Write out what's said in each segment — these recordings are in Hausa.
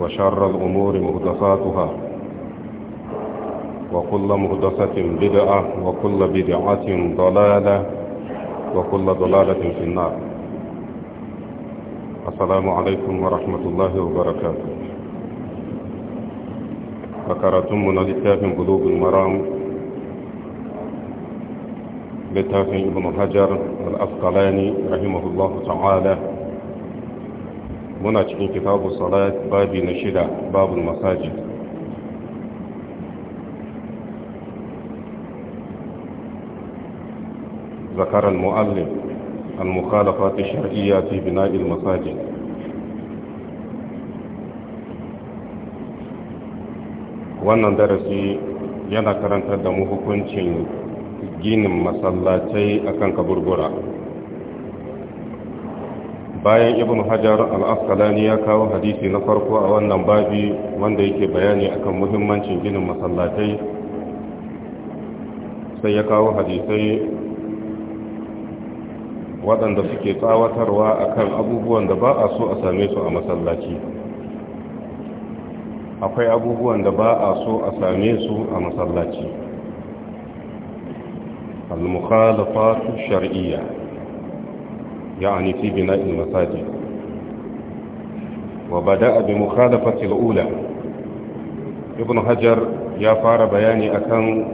وشر الأمور مهدساتها وكل مهدسة بدعة وكل بدعة ضلالة وكل ضلالة في النار السلام عليكم ورحمة الله وبركاته فكرتم من لتافن قلوب المرام لتافن ابن حجر الأسقلاني رحمه الله تعالى muna cikin kitabu salat babi na shida babul masajid ذكر al المخالفات الشرعية fi Bina'il المساجد wannan darasi yana karanta da mu hukuncin ginin masallatai akan kaburbura bayan ibn hajar al-asqalani ya kawo hadisi na farko a wannan babi wanda yake bayani akan muhimmancin ginin masallatai sai ya kawo hadisai waɗanda suke tsawatarwa akan abubuwan da ba a so a same su a masallaci akwai abubuwan da ba a so a same su a masallaci al-mukhalafatu shar'iyya يعني في بناء المساجد وبدأ بمخالفة الأولى ابن حجر يا فار بياني أكن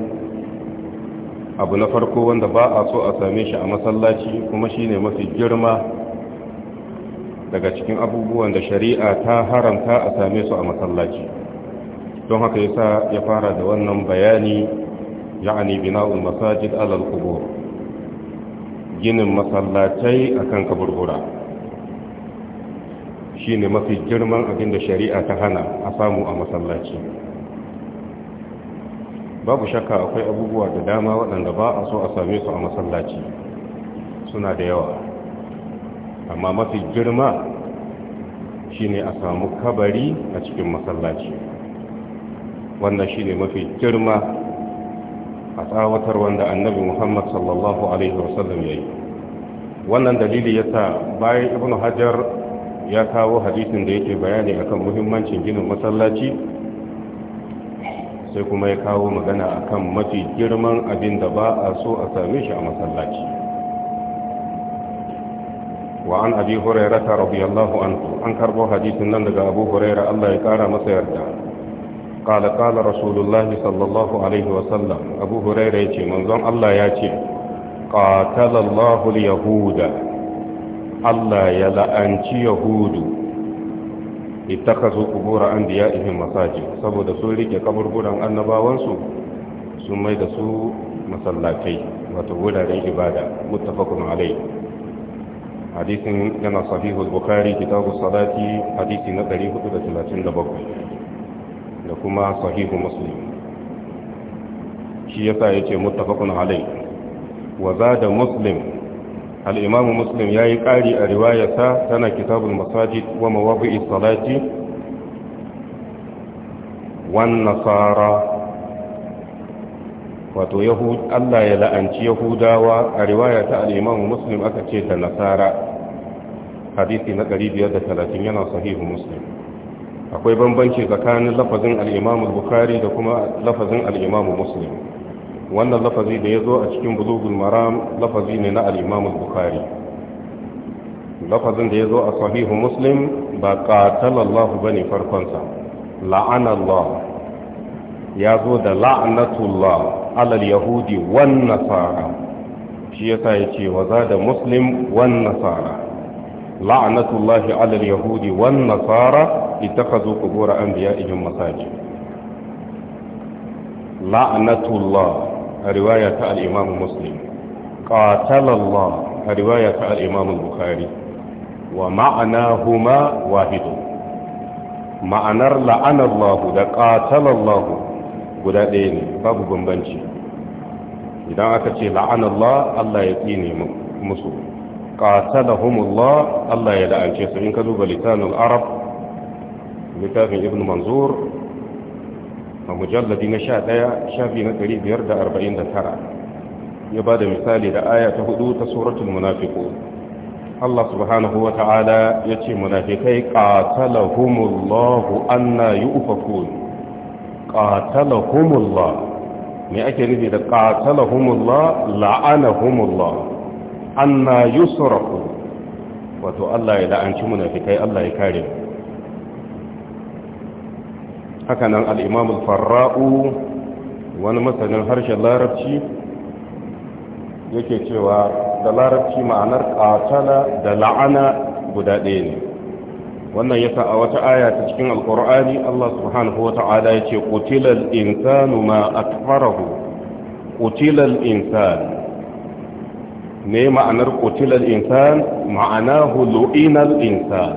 abu na farko wanda ba a so a same shi a masallaci kuma shi ne mafi girma daga cikin abubuwan da shari'a ta haramta a same su a masallaci don haka yasa ya fara da wannan bayani ya'ani bina'ul masajid alal qubur ginin masallatai akan kaburbura ne mafi girman abin da shari'a ta hana a samu a masallaci babu shakka akwai abubuwa da dama waɗanda ba a so a same su a masallaci suna da yawa amma mafi girma shi ne a samu kabari a cikin masallaci wannan shi ne mafi girma a tsawatar wanda annabi muhammad sallallahu alaihi wasallam ya yi wannan dalili ya sa bayan ibn hajar ya kawo hadisin da yake bayani akan muhimmancin ginin masallaci sai kuma ya kawo magana akan mafi girman abin da ba a so a same shi a masallaci وعن أبي هريرة رضي الله عنه أنكر به حديث النبي أبو هريرة الله يكارى مسيرته قال قال رسول الله صلى الله عليه وسلم أبو هريرة يتي منظم الله يتي قاتل الله اليهود الله يلأنت يهود اتخذوا قبور أنبيائهم مساجد سبو دسولي كقبر قرآن أنبا وانسو ثم يدسو مسلاتي وتقول عليه عبادة متفق عليه حديث لنا صحيح البخاري كتاب الصلاة حديث نقري 437 da kuma sahihu muslim shi yasa yace muttafaqun alai wa zada muslim al-imam muslim yayi kari a riwayata tana kitabul masajid wa mawaqi'i salati wan nasara wato yahud Allah ya la'anci yahudawa a riwayata ta al-imam muslim aka ce da nasara hadisi na 530 yana sahihu muslim akwai bambanci tsakanin lafazin al'imamu bukari da kuma lafazin al'imamu muslim wannan lafazi da ya zo a cikin bulugul maram lafazi ne na al'imamu bukari lafazin da ya zo a sahihu muslim ba ƙatalallahu ba ne farkonsa la'anallah ya zo da la'anatullah alal yahudi wan nasara shi ya sa ya ce wa za da muslim wan nasara la'anatullahi ala al-yahudi wan nasara ittakhadhu qubur anbiya'ihim masajid la'anatullah riwaya ta al-imam muslim qatalallah riwaya ta al-imam al-bukhari wa ma'anahuma wahid ma'anar la'anallahu da guda ɗaya ne babu bambanci idan aka ce la'anallah Allah ya tsine musu qasadahumullah Allah ya la'ance su in ka duba litanul arab littafin ibn manzur a mujalladi na 11 shafi na 549 ya bada misali da aya ta hudu ta suratul munafiku Allah subhanahu wa ya ce munafikai qatalahumullahu anna yu'fakun qatalahumullah me ake nufi da la'ana la'anahumullah anna ku wato Allah ya la'anci munafikai Allah ya kare haka nan al imamul farrau wani masanin harshen larabci yake cewa da larabci ma'anar ƙatala da la'ana guda ɗaya ne wannan yasa a wata aya ta cikin alqur'ani Allah subhanahu wata'ala yace qutilal insanu ma akfarahu qutilal insanu ne ma'anar kotilar insan ma'anahu lu'inar insan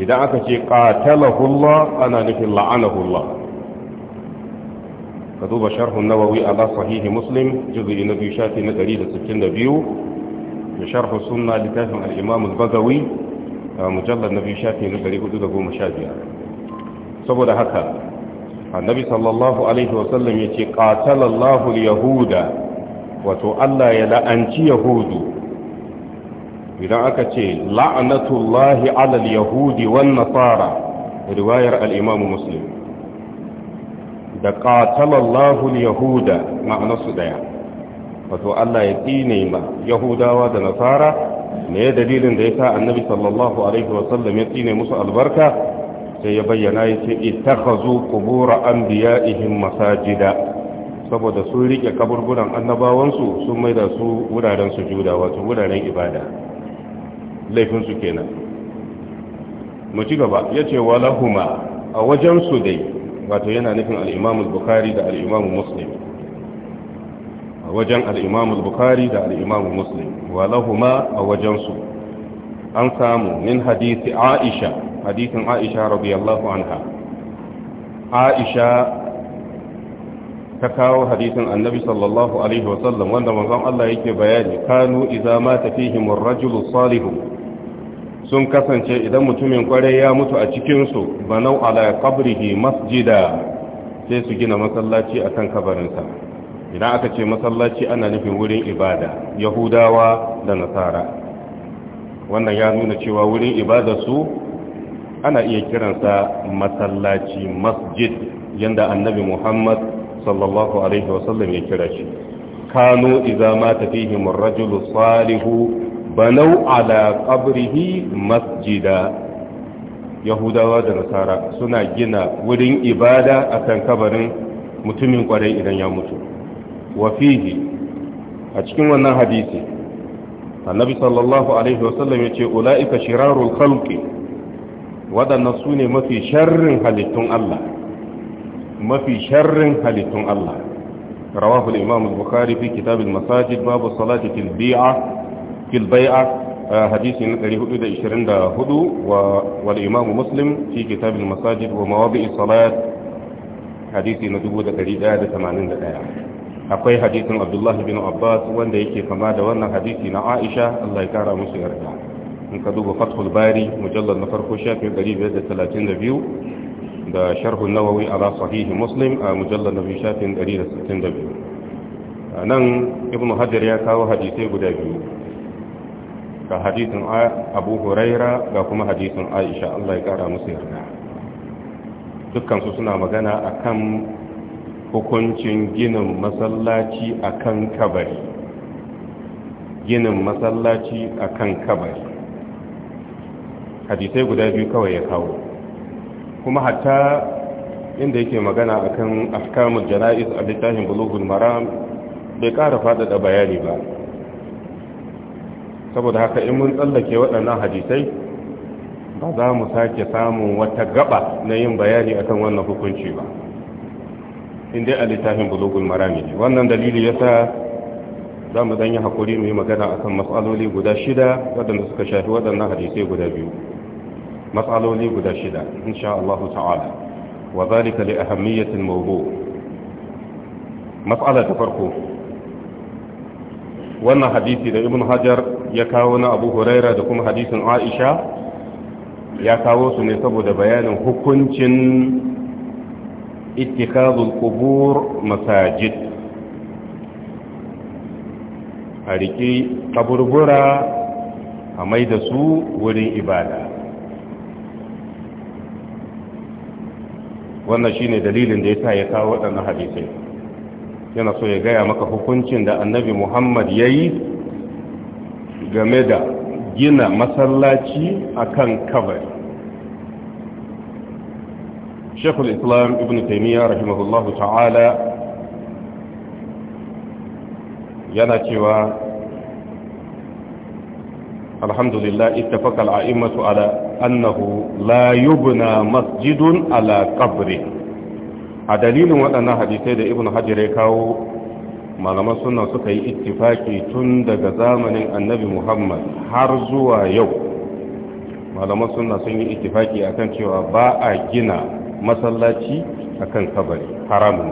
idan aka ce hula ana nufin hula ka duba sharhun nawawi ala sahihi muslim juzi na biyu shafi na 162 da sharhu suna littafin al'imamul bagawi a mujallar na biyu shafi na 415 saboda haka annabi sallallahu alaihi wasallam ya ce ƙatalallahu yahuda wato Allah ya la'anci yahudu idan aka ce la'anatullahi alal yahudi wan nasara riwayar al-imam muslim da qatalallahu al-yahuda ma'anarsu daya wato Allah ya tsine ma yahudawa da nasara ne dalilin da yasa annabi sallallahu alaihi wasallam ya tsine musu albarka sai ya bayyana yace ittakhazu qubur anbiya'ihim masajida saboda sun rike kaburburan annabawansu sun maida su wuraren sujuda wato wuraren ibada laifinsu kenan mu ci gaba ya ce walahuma a wajensu dai wato yana nufin al'imamu bukari da al'imamu muslim a wajen al'imamu bukari da al'imamu muslim walahuma a wajensu an samu min hadisi aisha hadisin aisha radiyallahu anha aisha ta kawo hadisin annabi sallallahu alaihi wasallam wanda manzon Allah yake bayani kanu idza mata fihim ar-rajulu salihu sun kasance idan mutumin kwarai ya mutu a cikin su banau ala qabrihi masjida sai su gina masallaci akan kabarinsa idan aka ce masallaci ana nufin wurin ibada yahudawa da nasara wannan ya nuna cewa wurin ibada su ana iya kiransa masallaci masjid yanda annabi Muhammad sallallahu alaihi wasallam ya kira shi kano idza mata fihim ar-rajulu salihu banau ala qabrihi masjida yahudawa da nasara suna gina wurin ibada akan kabarin mutumin kwarai idan ya mutu wa fihi a cikin wannan hadisi annabi sallallahu alaihi wasallam yace ulaika shirarul khalqi wadannan sune mafi sharrin halittun Allah mafi sharrin halittun Allah rawahu al-imam al-bukhari fi kitab al-masajid babu salati fil bi'a fil bai'a hadisi na 424 wa al-imam muslim fi kitab al-masajid wa mawadi'i salat hadisi na 281 akwai hadisin abdullah bin abbas wanda yake kama da wannan hadisi na aisha allah ya kara musu yarda in ka duba fathul bari mujallad na farko shafi 532 da sharhun nawawi ala sahihi muslim a mujallar nabi shafin 162 nan ibn hajjar ya kawo hadisai guda biyu ga hadisin abu huraira ga kuma hadisin aisha allah ya kara musu yarda dukkansu suna magana a kan hukuncin ginin masallaci kan kabari ginin masallaci kan kabari hadisai guda biyu kawai ya kawo kuma hatta inda yake magana akan afkamun jana'iz a littafin bulogun Mara, bai ƙara faɗaɗa bayani ba saboda haka in mun tsallake waɗannan hadisai ba za mu sake samun wata gaba na yin bayani akan wannan hukunci ba inda a littafin bulogun mara ne wannan dalili sa za mu dan yi hakuri mu yi magana akan matsaloli guda shida waɗanda suka shafi waɗannan hadisai guda biyu matsaloli guda shida insha Allah ta'ala wa zalika li ahammiyatil mawdu matsala ta farko wannan hadisi da ibn hajar ya kawo na abu huraira da kuma hadisin aisha ya kawo su ne saboda bayanin hukuncin ittikazul qubur masajid a riƙi kaburbura a mai da su wurin ibada wannan shine dalilin da yasa ya kawo waɗannan hadisai yana so ya gaya maka hukuncin da annabi muhammad ya yi game da gina masallaci akan kabari shekul islam ibn taimiyya rahimahullahu ta'ala yana cewa alhamdulillah ittafaqa al-a'immatu ala annahu la masjidun ala qabri a dalilin waɗannan hadisai da ibnu hajar ya kawo suna suka yi ittifaki tun daga zamanin annabi muhammad har zuwa yau malaman sunna sun yi ittifaki akan cewa ba a gina masallaci akan kabari haramun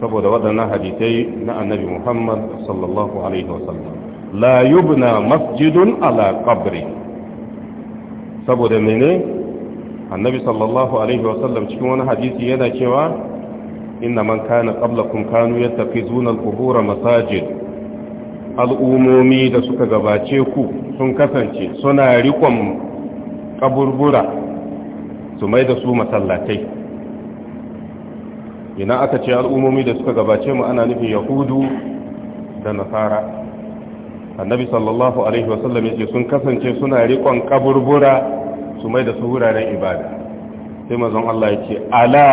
saboda waɗannan hadisai na annabi muhammad sallallahu alaihi wasallam la yubna masjidun ala qabri saboda mene annabi sallallahu alaihi wasallam cikin wani hadisi yana cewa inna man kana qablakum kanu yattaqizuna al masajid al'umomi da suka gabace ku sun kasance suna rikon kaburbura su mai da su masallatai ina aka ce al'umomi da suka gabace mu ana nufin yahudu da nasara annabi sallallahu alaihi wasallam ya ce sun kasance suna rikon kaburbura su mai da su wuraren ibada sai mazan Allah ya ce ala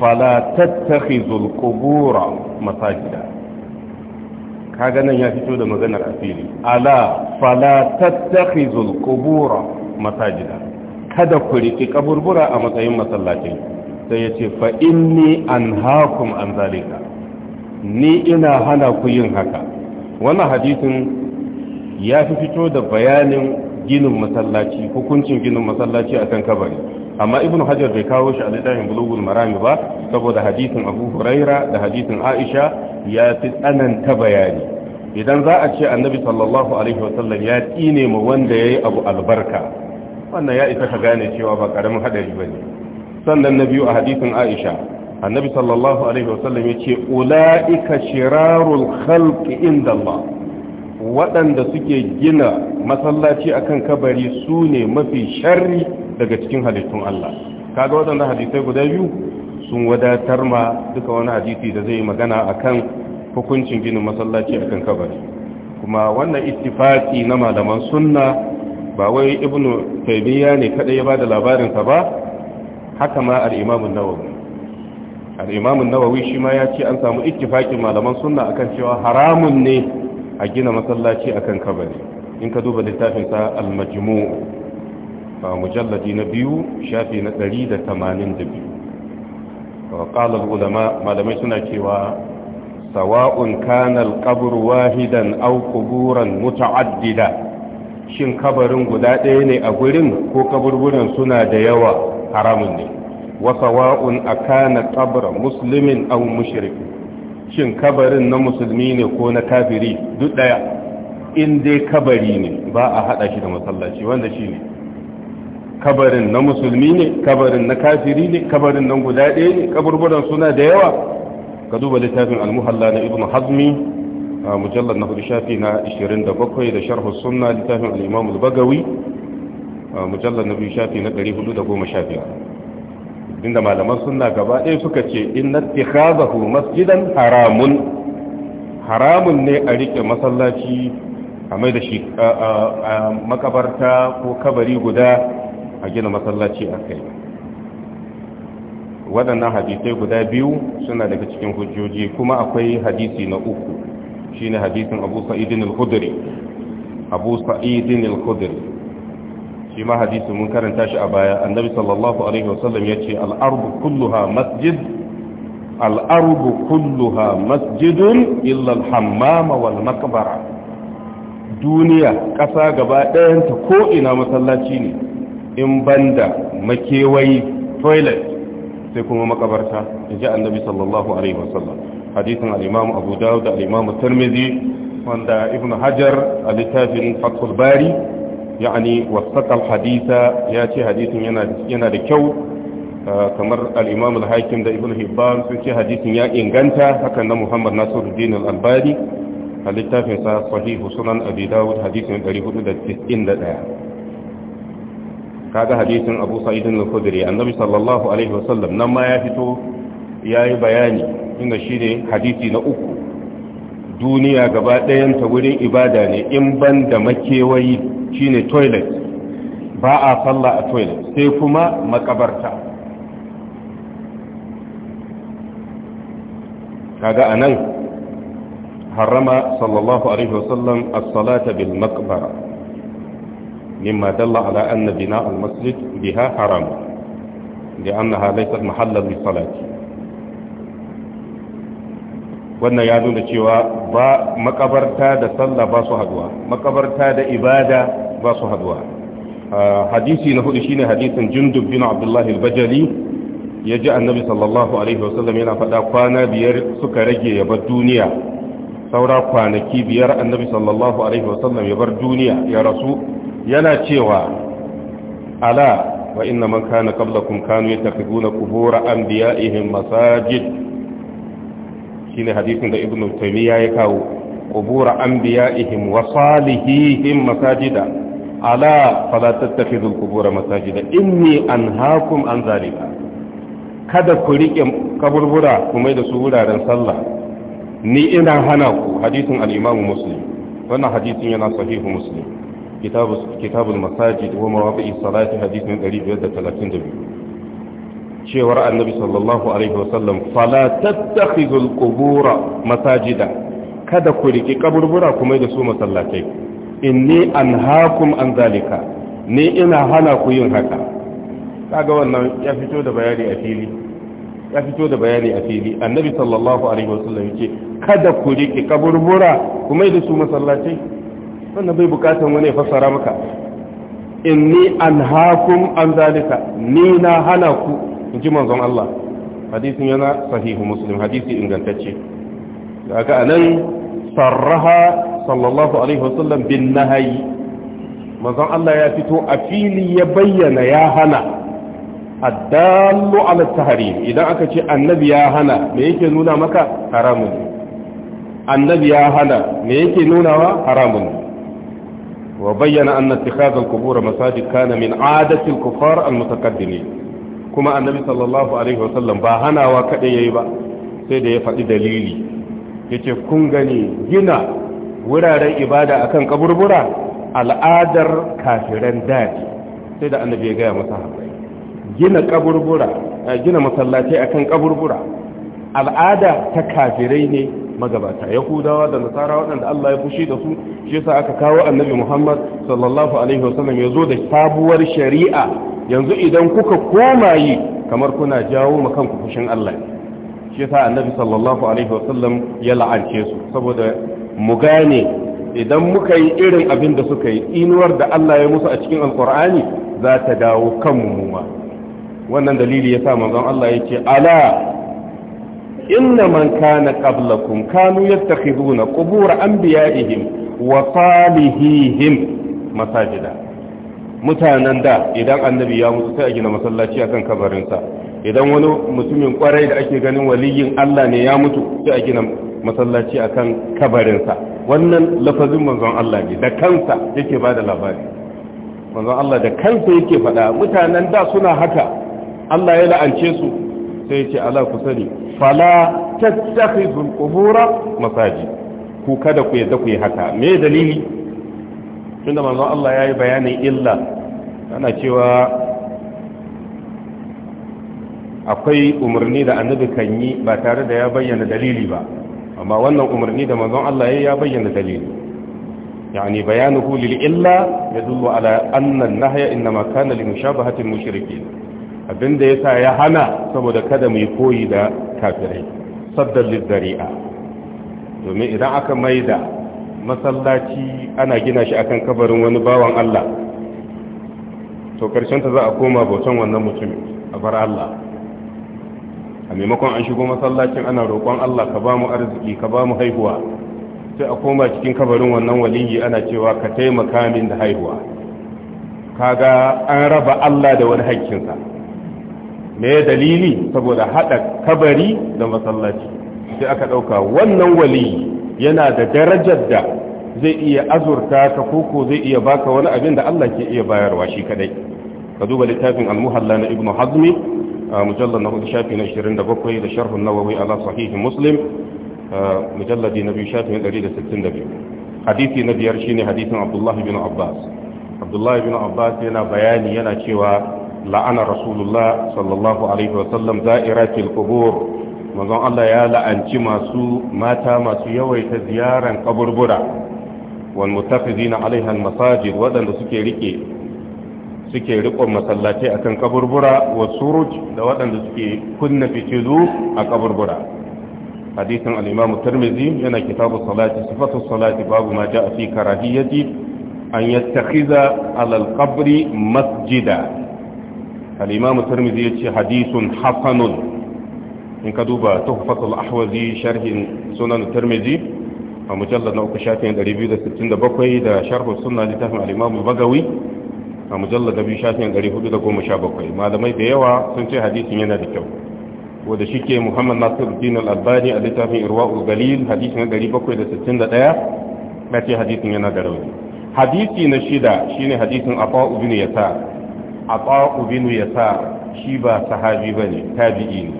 fala tattakhizul qubura masajida ka ganin ya fito da maganar asiri ala fala tattakhizul qubura masajida kada ku riki kaburbura a matsayin masallaci sai ya ce fa inni anhaakum an zalika ni ina hana ku yin haka wannan hadisin ya fi fito da bayanin ginin masallaci hukuncin ginin masallaci a kabari amma ibn hajar bai kawo shi a littafin bulugul marami ba saboda hadisin abu huraira da hadisin aisha ya fi tsananta bayani idan za a ce annabi sallallahu alaihi wasallam ya tsine mu wanda ya yi abu albarka wannan ya isa ka gane cewa ba karamin hadari ba ne sannan na biyu a hadisin aisha annabi sallallahu alaihi wasallam yace ulaika shirarul khalqi inda Allah waɗanda suke gina masallaci akan kabari su ne mafi sharri daga cikin halittun Allah kaga waɗanda hadisai guda biyu sun wadatar ma duka wani hadisi da zai magana akan hukuncin ginin masallaci akan kabari kuma wannan ittifaqi na malaman sunna ba wai ibnu taymiya ne kada ya ba labarin sa ba haka ma al-imam an-nawawi al'imamun nawawi shi ma ya ce an samu ittifaƙin malaman sunna akan cewa haramun ne a gina masallaci akan kabari in ka duba littafin al-majmu a mujalladi na biyu shafi na 182 ƙalar ulama malamai suna cewa sawa'un kanal kabur wahidan au kuburan muta'addida shin kabarin guda ɗaya ne a gurin ko kaburburan suna da yawa haramun ne wa a kana qabra muslimin aw mushrik shin kabarin na musulmi ne ko na kafiri duk daya in dai kabari ne ba a hada shi da masallaci wanda shi ne. kabarin na musulmi ne kabarin na kafiri ne kabarin nan guda ɗaya ne kaburburan suna da yawa ka duba littafin al-muhalla na ibnu hazmi Mujallar na hudu shafi na 27 da sharh sunna littafin al-imam al-bagawi mujallad na biyu shafi na 415 inda malaman sunna gaba ɗaya suka ce inna tikhazahu masjidan haramun haramun ne a rike masallaci a mai da shi makabarta ko kabari guda a gina masallaci a kai waɗannan hadisai guda biyu suna daga cikin hujjoji kuma akwai hadisi na uku shine hadisin Abu Sa'id al-Khudri Abu Sa'id al-Khudri shi ma hadisi mun karanta shi a baya annabi sallallahu alaihi wasallam yace ce ardu kulluha masjid al kulluha masjidun illal al wal duniya ƙasa gaba ɗayan ta ko ina masallaci ne in banda makewayi toilet sai kuma makabarta inji annabi sallallahu alaihi wasallam hadisin al-imam abu dawud da al wanda ibn hajar a littafin fathul bari ya'ani wasaqal haditha ya ce hadisin yana da kyau kamar al al-Hakim da Ibn Hibban sun ce hadisin ya inganta hakan na Muhammad Nasiruddin al-Albani a hadisin 491 kaga hadisin Abu Sa'id al-Khudri annabi sallallahu alaihi wasallam nan ma ya fito yayi bayani inda shine hadisi na uku duniya gaba ɗayan ta wurin ibada ne in ban da makewayi shine toilet ba a sallah a toilet sai kuma makabarta kaga anan harama sallallahu alaihi wasallam as-salata bil maqbara mimma dalla ala anna bina al-masjid biha haram لأنها ليست محلا للصلاة wannan ya nuna cewa ba makabarta da sallah ba su haduwa makabarta da ibada ba su haduwa ah, hadisi na hudu shine hadisin jundub bin abdullahi al-bajali ya ji annabi sallallahu alaihi wasallam yana faɗa kwana biyar suka rage ya bar duniya saura kwanaki biyar annabi sallallahu alaihi wasallam ya bar duniya ya rasu yana cewa ala wa inna man kana qablakum kanu yattakhiduna qubur anbiya'ihim masajid shine hadisin da ibnu taymiya ya kawo qubura anbiya'ihim wa salihihim masajida ala fala tattakhidhu al-qubura masajida inni anhaakum an zalika kada ku rike kaburbura kuma da su wuraren sallah ni ina hana ku hadisin al-imamu muslim wannan hadisin yana sahihu muslim kitabul masajid wa mawaqi'is salati hadisin 532 cewar annabi sallallahu alaihi wasallam fala tattakhidul qubura masajida kada ku riki kaburbura kuma da su masallatai inni anhaakum an zalika ni ina hana ku yin haka kaga wannan ya fito da bayani a fili ya fito da bayani a fili annabi sallallahu alaihi wasallam yace kada ku riki kaburbura kuma da su masallatai wannan bai bukatan wani ya fassara maka inni anhaakum an zalika ni na hana ku in ji manzon Allah hadisin yana sahihu muslim hadisi ingantacce daga anan sarraha sallallahu alaihi wasallam bin nahayi manzon Allah ya fito a fili ya bayyana ya hana addallu ala tahrim idan aka ce annabi ya hana me yake nuna maka haramun annabi ya hana me yake nunawa haramun Wa bayyana وبين أن اتخاذ القبور مساجد كان من عادة الكفار المتقدمين kuma annabi sallallahu alaihi wasallam ba hanawa kaɗai ya yi ba sai da ya faɗi dalili yace kun gani gina wuraren ibada akan kaburbura al'adar kafiran daji sai da annabi ya gaya masa gina kaburbura eh, gina masallatai akan kaburbura al'ada ta kafirai ne magabata yahudawa da nasara waɗanda Allah ya fushi da su shi sa aka kawo annabi Muhammad sallallahu alaihi wasallam ya zo da sabuwar shari'a yanzu idan kuka koma yi kamar kuna jawo ma kanku fushin Allah shi sa annabi sallallahu alaihi wasallam ya la'ance su saboda mu gane idan muka yi irin abin da suka yi inuwar da Allah ya musu a cikin alkur'ani za ta dawo kanmu mu ma wannan dalili yasa manzon Allah yake ala inna man kana qablakum kanu yattakhiduna qubur anbiya'ihim wa salihihim masajida mutanen da idan annabi ya mutu sai a gina masallaci akan kabarinsa idan wani mutumin kwarai da ake ganin waliyin Allah ne ya mutu sai a gina masallaci akan kabarinsa wannan lafazin manzon Allah ne da kansa yake bada labari manzon Allah da kansa yake faɗa mutanen da suna haka Allah ya la'ance su sai ce ala ku sani fala tattakhidul qubura masajid ku kada ku yadda ku yi haka me dalili tunda manzon Allah yayi bayani illa ana cewa akwai umarni da annabi kan yi ba tare da ya bayyana dalili ba amma wannan umarni da manzon Allah ya bayyana dalili yani bayanuhu kulili illa yadullu ala anna an-nahya inma kana li abinda yasa ya hana saboda kada mu yi koyi da kafirai saddal a. domin idan aka maida masallaci ana gina shi akan kabarin wani bawan Allah to karshen ta za a koma bautan wannan mutumin a bar Allah a maimakon an shigo masallacin ana roƙon Allah ka ba mu arziki ka ba mu haihuwa sai a koma cikin kabarin wannan waliyi ana cewa ka taimaka min da haihuwa kaga an raba Allah da wani haƙƙinsa me dalili saboda haɗa kabari da masallaci sai aka ɗauka wannan wali yana da darajar da zai iya azurta ka koko zai iya baka wani abin da Allah ke iya bayarwa shi kadai ka duba littafin al-muhalla na ibnu hazmi mujallar na hudu shafi na 27 da sharhun an-nawawi ala sahih muslim mujalladi na biyu shafi na 162 hadisi na biyar shine hadisin abdullahi bin abbas abdullahi bin abbas yana bayani yana cewa la'ana rasulullah sallallahu alaihi wasallam za'iratil qubur manzon Allah ya la'anci masu mata masu yawaita ziyaran kaburbura wal mutafizina alaiha al masajid wadanda suke rike suke rikon masallatai akan kaburbura wa suruj da waɗanda suke kunna fitilu a kaburbura hadisin al-imam tirmidhi yana kitabu salati sifatu salati babu ma ja'a fi karahiyati an yattakhiza ala al-qabri masjida al-imam ya ce hadithun hasanun in ka duba tuhfatul ahwazi sharhin sunan tirmidhi a mujallad na uku shafin 267 da sharh sunna littafin al-imam al-bagawi a mujallad biyu shafin 417 malamai da yawa sun ce hadisin yana da kyau wanda ke Muhammad Nasiruddin al-Albani a littafin Irwaul Galil hadisin 761 ya ce hadisin yana da rauni hadisi na shida shine hadisin afa ibn yasa ata'u bin yasar shi ba sahabi ba ne tabi'i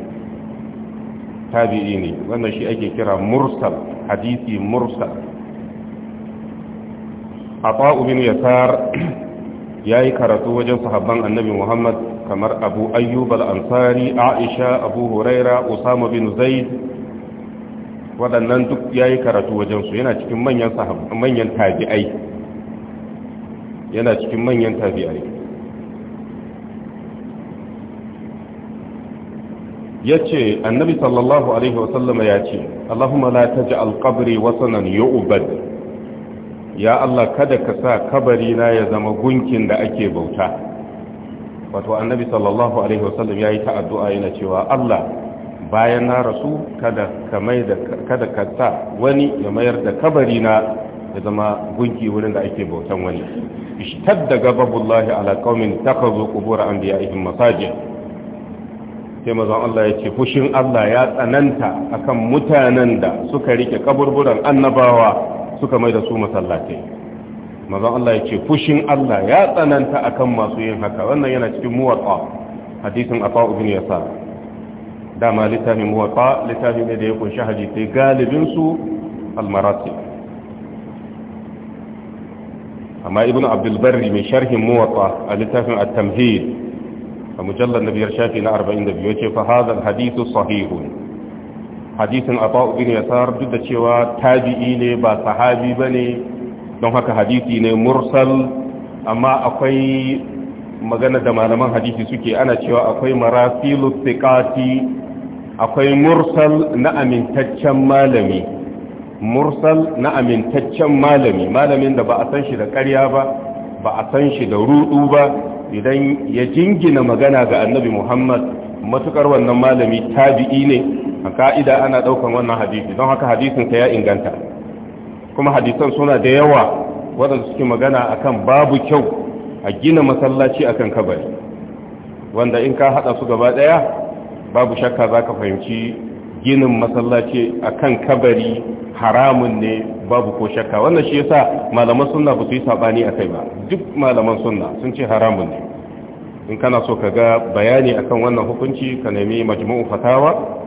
ne wannan shi ake kira mursal hadisi mursal ata'u bin yasar yi karatu wajen sahabban annabi Muhammad kamar Abu Ayyub al-Ansari Aisha Abu Huraira Usama bin Zaid waɗannan duk ya yi karatu wajen su yana cikin manyan manyan tabi'ai yana cikin manyan tabi'ai Ya ce annabi sallallahu alaihi wasallama ya ce Allahumma la ji qabri wasanan yu'bad ya Allah kada ka sa kabari na ya zama gunkin da ake bauta wato annabi sallallahu alaihi wasallam yi ta addu'a yana cewa Allah bayan na rasu kada ka sa wani ya mayar da kabari na ya zama gunki wurin da ake bautan wani ishtar ishtadda gababullahi ala qaumin takhazu qubur anbiya'ihim masajid sai mazan Allah ya ce fushin Allah ya tsananta akan mutanen da suka rike kaburburan annabawa suka mai da su masallatai mazan Allah ya ce fushin Allah ya tsananta akan masu yin haka wannan yana cikin muwatsa hadisin afa ya yasa dama littafin muwatsa littafi ne da ya kunshi hadisai galibin su almarati amma ibn abdulbarri mai sharhin muwatsa a littafin at-tamhid a mujallar na biyar shafi na 42 yace fa hadha hadithu sahihun hadisin ata'u bin yasar duk da cewa tabi'i ne ba sahabi ne, don haka hadisi ne mursal amma akwai magana da malaman hadisi suke ana cewa akwai marasilu thiqati akwai mursal na amintaccen malami mursal na amintaccen malami malamin da ba a san shi da ƙarya ba ba a san shi da ruɗu ba idan ya jingina magana ga annabi muhammad matukar wannan malami tabi'i ne a ka'ida ana daukan wannan hadisi don haka hadisinsa ya inganta kuma hadisan suna da yawa waɗanda suke magana akan babu kyau a gina masallaci akan kabari wanda in ka haɗa su gaba ɗaya babu shakka za ka fahimci ginin masallaci a kan kabari haramun ne babu ko shakka wannan shi yasa malaman sunna ba su yi sabani kai ba duk malaman sunna sun ce haramun ne in kana so ka ga bayani akan wannan hukunci ka nemi majmu'u fatawa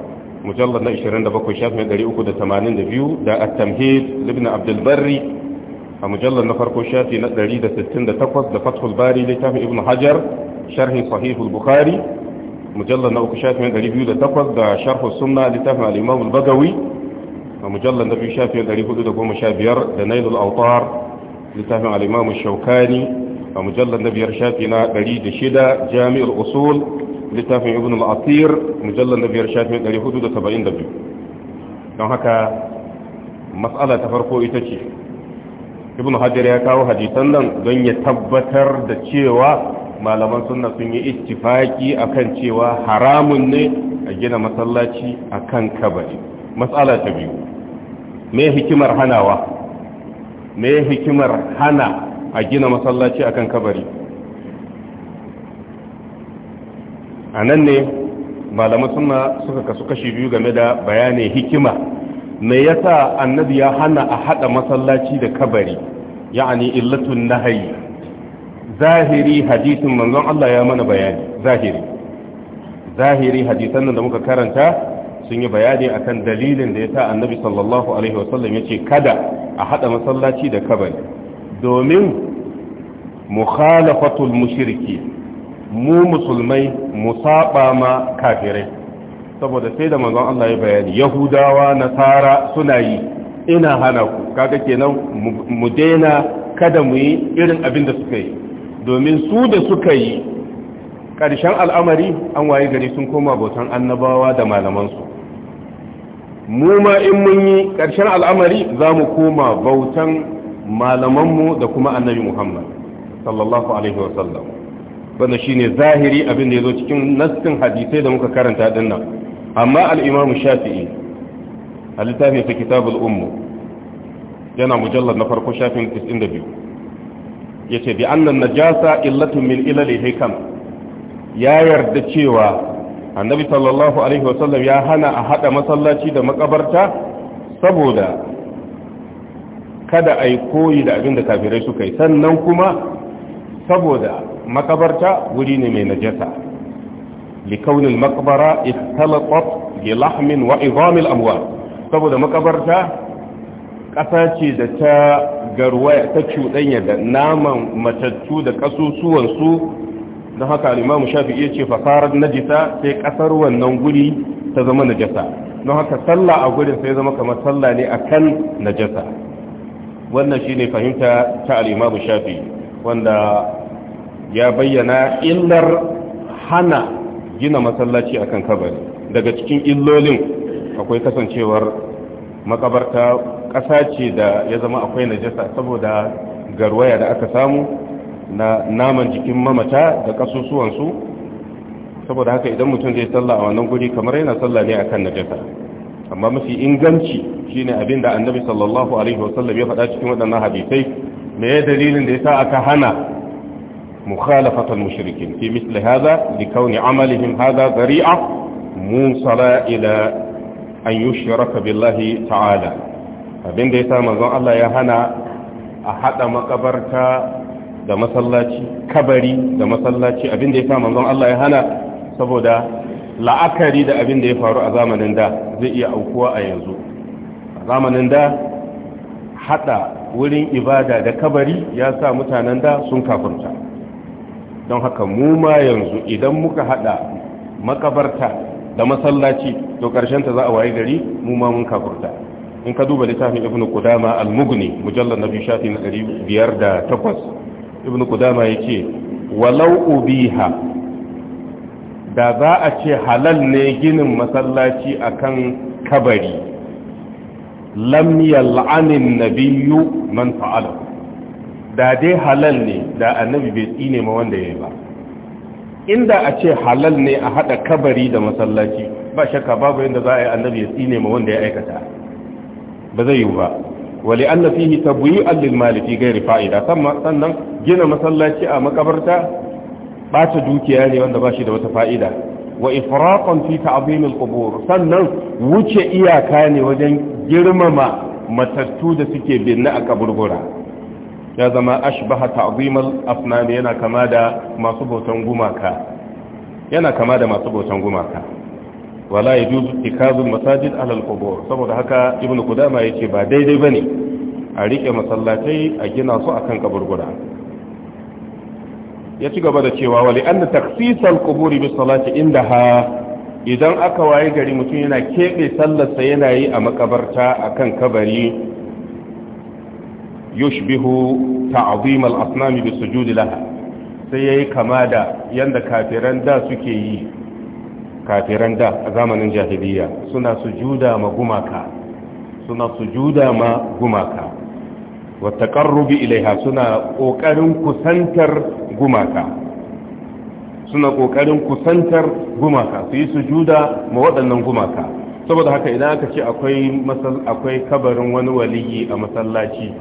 mujallad na 27 shafi 382 da at-tamhid ibn abdul barri a mujallad na farko shafi na 168 da fathul bari littafin ibn hajar sharhin sahih al-bukhari mujallar na uku ɗari biyu da sharhu sunna littafin al-imam al-bagawi a mujallar na biyu ɗari 415 da goma sha biyar da nailul autar littafin al shaukani a mujallar na biyar shafi na ɗari da shida jami'ar usul littafin ibn al-atir mujallar na biyar da biyu. don haka matsala ta farko ita ce ibn hajar ya kawo hadisan nan don ya tabbatar da cewa malaman sunna sun yi ittifaki akan cewa haramun ne a gina masallaci akan kabari matsala ta biyu me hikimar hanawa me hikimar hana a gina masallaci akan kabari a nan ne malaman sunna suka kasu kashi biyu game da bayanin hikima me yasa annabi ya hana a hada masallaci da kabari ya'ani illatun nahayi zahiri hadisin manzon Allah ya mana bayani zahiri zahiri hadisan nan da muka karanta sun yi bayani akan dalilin da ya sa annabi sallallahu alaihi wasallam ya ce kada a hada masallaci da kabari domin mukhalafatul mushriki mu musulmai musaba ma kafirai saboda sai da manzon Allah ya bayani yahudawa nasara suna yi ina hana ku kaga kenan mu daina kada mu yi irin abin da suka yi domin su da suka yi ƙarshen al'amari an waye gari sun koma bautan annabawa da malamansu mu ma in mun yi ƙarshen al'amari za mu koma bautan malamanmu da kuma annabi muhammad sallallahu alaihi wasallam wanda shine zahiri abin da ya zo cikin nassin hadisai da muka karanta dinnan amma al'imamu shafi'i a littafin sa kitabul ummu yana mujallar na farko shafin 92 yace bi annan najasa illatun min ilal hikam ya yarda cewa annabi sallallahu alaihi wasallam ya hana a hada masallaci da makabarta saboda kada a yi koyi da abin da kafirai suka yi sannan kuma saboda makabarta wuri ne mai najasa likaunin makabara ikhtalatat bi lahmin wa idamil amwal saboda makabarta ƙasa ce da ta garwaya ta cuɗanya da naman matattu da ƙasusuwansu don haka alimamu shafi iya ce fasarar najisa sai ƙasar wannan guri ta zama najasa don haka sallah a gurin sai zama kamar sallah ne akan najasa wannan shi ne fahimta ta alimamu shafi wanda ya bayyana illar hana gina masallaci akan kabari daga cikin illolin akwai kasancewar makabarta ƙasa ce da ya zama akwai najasa saboda garwaya da aka samu na naman jikin mamata da ƙasusuwansu saboda haka idan mutum zai salla a wannan guri kamar yana salla ne akan najasa amma mafi inganci shine abin da annabi sallallahu alaihi wasallam ya faɗa cikin waɗannan hadisai me ya dalilin da yasa aka hana mukhalafatal mushrikin fi misli hadha likawni amalihim hadha dhari'a musala ila an yushraka billahi ta'ala abin da ya sa manzon Allah ya hana a hada makabarta da masallaci kabari da masallaci abin da ya sa manzon Allah ya hana saboda la'akari da abin da ya faru a zamanin da zai iya aukuwa a yanzu a zamanin da haɗa wurin ibada da kabari ya sa mutanen da sun kafurta don haka mu ma yanzu idan muka haɗa makabarta da masallaci to karshen ta za a waye gari mu ma mun kafurta in ka duba littafin ibn qudama al-mughni mujallal nabi shafi na 508 ibn qudama yake walau ubiha da za a ce halal ne ginin masallaci akan kabari lam yal'anin nabiyyu man fa'ala da dai halal ne da annabi bai tsine ma wanda yayi ba inda a ce halal ne a hada kabari da masallaci ba shakka babu yadda za a yi annabi ya tsine ma wanda ya aikata ba zai yiwu ba wali anna fihi tabyi'an lil mali fi fa'ida sannan gina masallaci a makabarta ɓata dukiya ne wanda ba shi da wata fa'ida wa ifraqan fi ta'zim qubur sannan wuce iyaka ne wajen girmama matattu da suke binne a kaburbura ya zama ashbaha ta'zim al afnan yana kama da masu bautan gumaka yana kama da masu bautan gumaka wala ya dubu tikazun masajid alal kubur saboda haka ibn kudama ya ce ba daidai ba ne a riƙe masallatai a gina su akan kaburgura kaburbura ya ci gaba da cewa wali an da taksisar kuburi bi salati inda ha idan aka waye gari mutum yana keɓe sallarsa yana yi a makabarta akan kabari yushbihu ta'zim al-asnam bi sujudi laha sai yayi kama da yanda kafiran da suke yi kafiran da a zamanin jahiliya suna sujuda ma gumaka suna sujuda ma gumaka wa taqarrubi ilaiha suna kokarin kusantar gumaka suna kokarin kusantar gumaka su yi sujuda ma waɗannan gumaka saboda haka idan aka ce akwai akwai kabarin wani waliyi a masallaci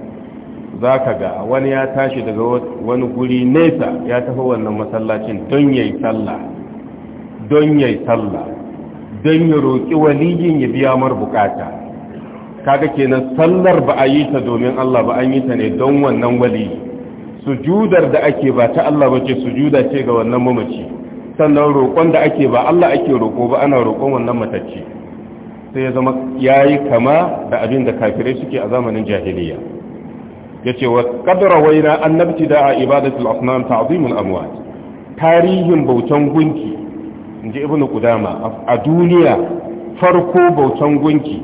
za ka ga wani ya tashi daga wani guri nesa ya tafi wannan masallacin don yayi sallah don ya yi sallah don ya roƙi waliyin ya biya mar bukata kaga kenan sallar ba a yi ta domin Allah ba an yi ta ne don wannan waliyi sujudar da ake ba ta Allah ba ce sujuda ce ga wannan mamaci sannan roƙon da ake ba Allah ake roƙo ba ana roƙon wannan matacce sai ya zama yayi kama da abin da kafirai suke a zamanin jahiliya ce wa qadra waina nabci da ibadatul asnam ta'zimul amwat tarihin bautan gunki inji ibnu qudama a duniya farko bautan gunki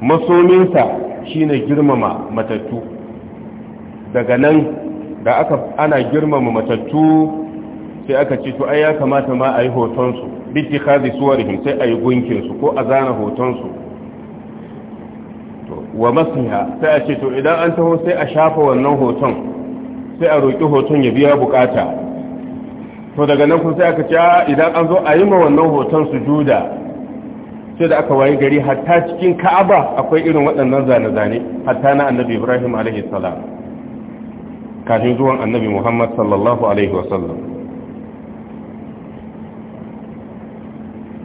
masominsa shine girmama matattu daga nan da aka ana girmama matattu sai aka ce to ai ya kamata ma a yi hotonsu biki kazi suwarihim sai a yi gunkinsu ko a zana hotonsu wa masiha sai a ce to idan an taho sai a shafa wannan hoton sai a roƙi hoton ya biya bukata to daga nan kun sai aka ce ah, idan an zo a yi ma wannan hoton sujuda sai da aka wayi gari hatta cikin ka'aba akwai irin waɗannan zane-zane hatta na annabi ibrahim alaihi salam kafin zuwan annabi muhammad sallallahu alaihi wasallam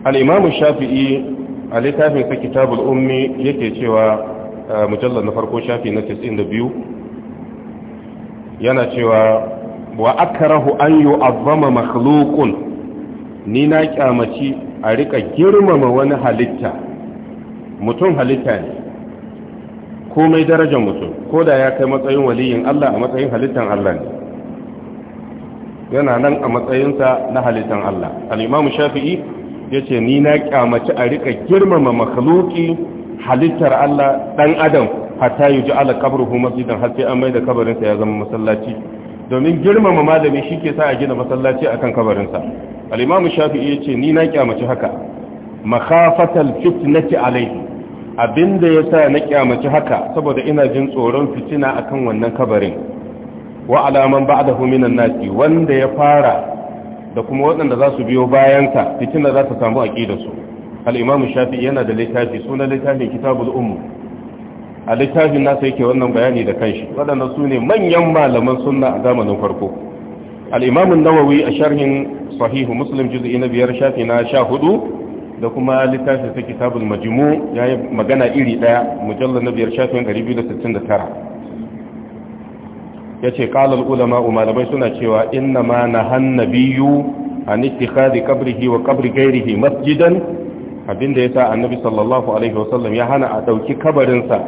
al'imamu shafi'i a littafinsa kitabul ummi yake cewa eh, mujallar na farko shafi na 92 yana cewa wa akrahu an yu'azzama makhluqun ni na kyamaci a rika girmama wani halitta mutum halitta ne komai darajar mutum ko da ya kai matsayin waliyin Allah a matsayin halittan Allah ne yana nan a matsayinsa na halittan Allah al Shafi'i shafi'i yace ni na kyamaci a rika girmama makhluqi halittar Allah dan adam hatta yuji ala qabruhu masjidan har sai an mai da kabarinsa ya zama masallaci domin girmama malami shi ke sa a gina masallaci akan kabarinsa al'imamu shafi'i ya ce ni na kyamaci haka makhafatal fitnati alaihi abinda ya sa na kyamaci haka saboda ina jin tsoron fitina akan wannan kabarin wa alaman ba'dahu minan nasi wanda ya fara da kuma waɗanda za su biyo bayansa fitina za ta samu aqidar su al shafi'i yana da littafi sunan littafin kitabul umm a littafin nasa yake wannan bayani da kanshi waɗanda su ne manyan malaman sunna a zamanin farko al'imamun nawawi a sharhin sahihu musulun juz'i na biyar shafi na sha hudu da kuma littafin ta kitabun majimu ya yi magana iri ɗaya mujallar na biyar shafin 269 ya ce ƙalar ulama malamai suna cewa inna ma na biyu a nittikhadi kabrihi wa kabri gairihi masjidan abinda ya sa annabi sallallahu alaihi wasallam ya hana a ɗauki kabarinsa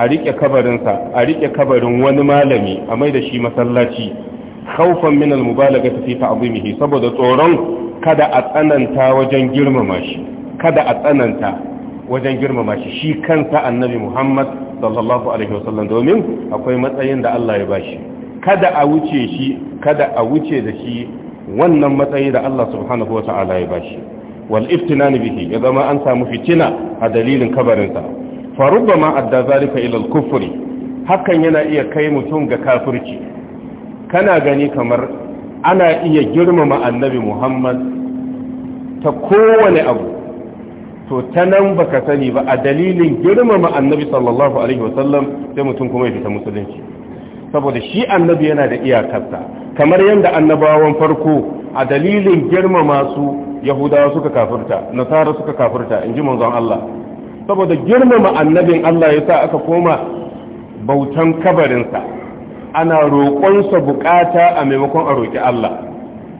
a rike kabarinsa a rike kabarin wani malami a mai da shi masallaci khawfan min al-mubalaga fi ta'zimihi saboda tsoron kada a tsananta wajen girmama shi kada a tsananta wajen girmama shi shi kansa annabi Muhammad sallallahu alaihi wasallam domin akwai matsayin da Allah ya bashi kada a wuce shi kada a wuce da shi wannan matsayi da Allah subhanahu wata'ala ya bashi wal iftinani bihi ya zama an samu fitina a dalilin kabarinsa faruba ma adda zalika ila al-kufri hakan yana iya kai mutum ga kafirci kana gani kamar ana iya girmama annabi Muhammad ta kowane abu to ta nan baka sani ba a dalilin girmama annabi sallallahu alaihi wasallam sai mutum kuma ya fita musulunci saboda shi annabi yana da iyakarsa kamar yadda annabawan farko a dalilin girmama su yahudawa suka kafirta nasara suka kafirta in ji manzon Allah saboda girmama annabin Allah ya sa aka koma bautan kabarinsa ana roƙonsa bukata a maimakon a roƙi Allah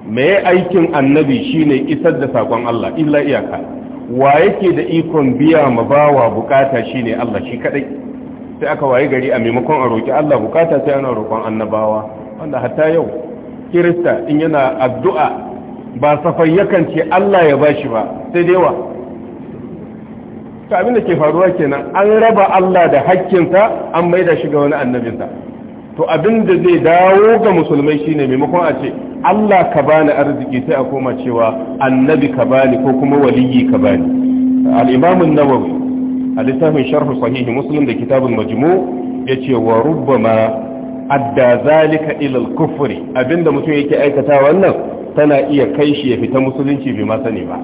me aikin annabi shine isar da saƙon Allah illa iyaka wa yake da ikon biya ma bawa bukata shine Allah shi kadai sai aka waye gari a maimakon a roƙi Allah bukata sai ana roƙon annabawa wanda hatta yau kirista in yana addu'a ba safai yakan ce Allah ya bashi ba sai dai wa to abin da ke faruwa kenan an raba Allah da hakkinsa an maida shi ga wani annabinsa to abin da zai dawo ga musulmai shine maimakon a ce Allah ka bani arziki sai a koma cewa annabi ka bani ko kuma waliyi ka bani al-imam an-nawawi a littafin sharh sahih muslim da kitabul majmu' yace wa rubbama adda zalika ila al-kufri abinda mutum yake aikata wannan tana iya kai shi ya fita musulunci bai ma sani ba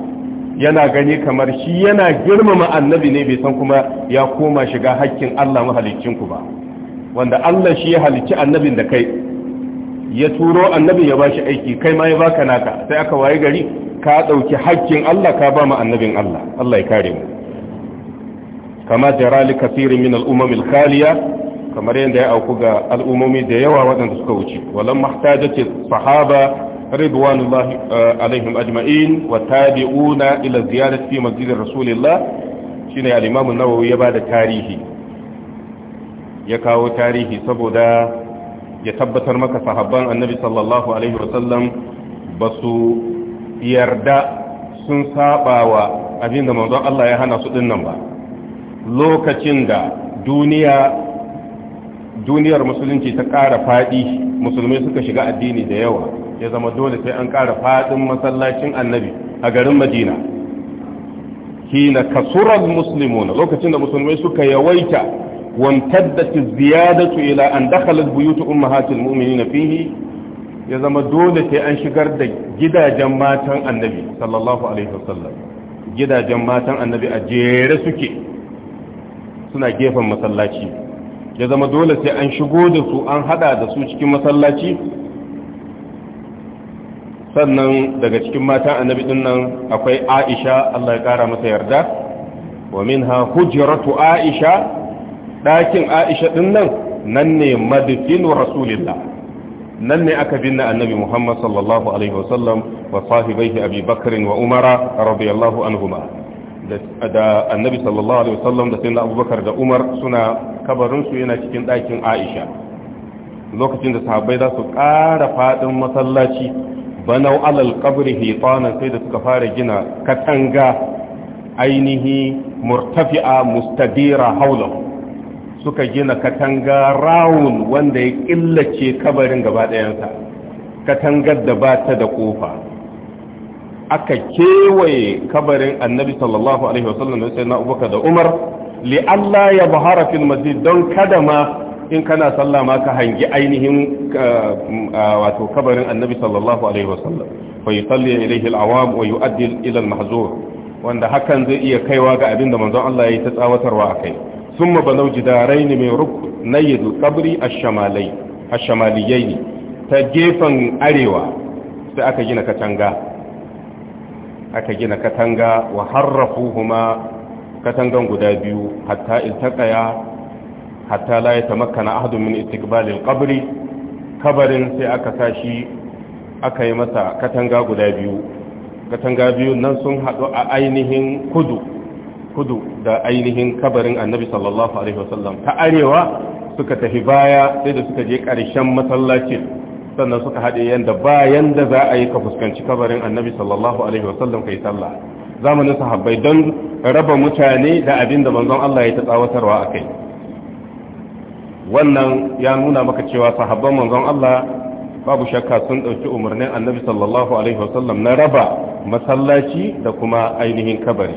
yana gani kamar shi yana girmama annabi ne bai san kuma ya koma shiga hakkin Allah mahalicin ba wanda Allah shi ya halicci annabin da kai ya turo annabi ya bashi aiki kai ma ya baka naka sai aka waye gari ka dauki hakkin Allah ka ba mu annabin Allah Allah ya kare mu kama jara li kaseerin min al-umam al-khaliya kamar yadda ya auku ga al'umomi da yawa waɗanda suka wuce walan mahtajati sahaba رضوان الله عليهم أجمعين وتابعون إلى الزيارة في مسجد رسول الله شنو الإمام النووي يبعد تاريخي يكاو تاريخي سبودا يتبتر مكة صحابان النبي صلى الله عليه وسلم بسو يرداء سنسابا وأبين منظر الله يهانا سؤلنا lokacin da duniya duniyar musulunci ta ƙara faɗi musulmai suka shiga addini da yawa ya zama dole sai an ƙara faɗin masallacin annabi a garin madina hina kasurar musulmuna lokacin da musulmai suka yawaita wamtaddati ziyadatu ila an dakhalat buyutu ummahatil mu'minina fihi ya zama dole sai an shigar da gidajen matan annabi sallallahu alaihi wasallam gidajen matan annabi a jere suke suna gefen masallaci ya zama dole sai an shigo da su an hada da su cikin masallaci sannan daga cikin matan annabi din nan akwai aisha Allah ya kara masa yarda wa minha hujratu aisha dakin aisha din nan nan ne madfinu rasulillah nan ne aka binne annabi Muhammad sallallahu alaihi wasallam wa sahibaihi abi bakr wa umara radiyallahu anhuma da annabi sallallahu alaihi wasallam da sayyidina abubakar da umar suna kabarin su yana cikin dakin aisha lokacin da sahabbai za su ƙara faɗin masallaci banau alal qabri hitana sai da suka fara gina katanga ainihi murtafi'a mustadira haula suka gina katanga rawun wanda ya killace kabarin gaba ɗayansa katangar da ba ta da kofa aka kewaye kabarin annabi sallallahu alaihi wasallam da sayyidina abubakar da umar li ya bahara fil masjid don kada ma in kana sallah ma ka hangi ainihin mm, ah, wato kabarin annabi sallallahu alaihi wasallam fa yusalli ilayhi al-awam wa yu'addi ila al-mahzur wanda hakan zai iya kaiwa ga abin da manzon Allah yayi ta tsawatarwa akai summa banau jidarain min ruk nayd al-qabri ash ash-shamaliyayn ta gefen arewa sai aka gina katanga aka gina katanga wa harrafuhuma katangan guda biyu hatta iltaqaya hatta la yatamakkana ahadun min istiqbalil qabri kabarin sai aka sashi aka yi masa katanga guda biyu katanga biyu nan sun hadu a ainihin kudu kudu da ainihin kabarin annabi sallallahu alaihi wasallam ta arewa suka tafi baya sai da suka je karshen masallacin sannan suka haɗe yanda bayan da za a yi ka fuskanci kabarin annabi sallallahu alaihi wasallam kai sallah zamanin sahabbai don raba mutane da abin da manzon Allah ya ta tsawatarwa a kai wannan ya nuna maka cewa sahabban manzon Allah babu shakka sun ɗauki umarnin annabi sallallahu alaihi wasallam na raba masallaci da kuma ainihin kabari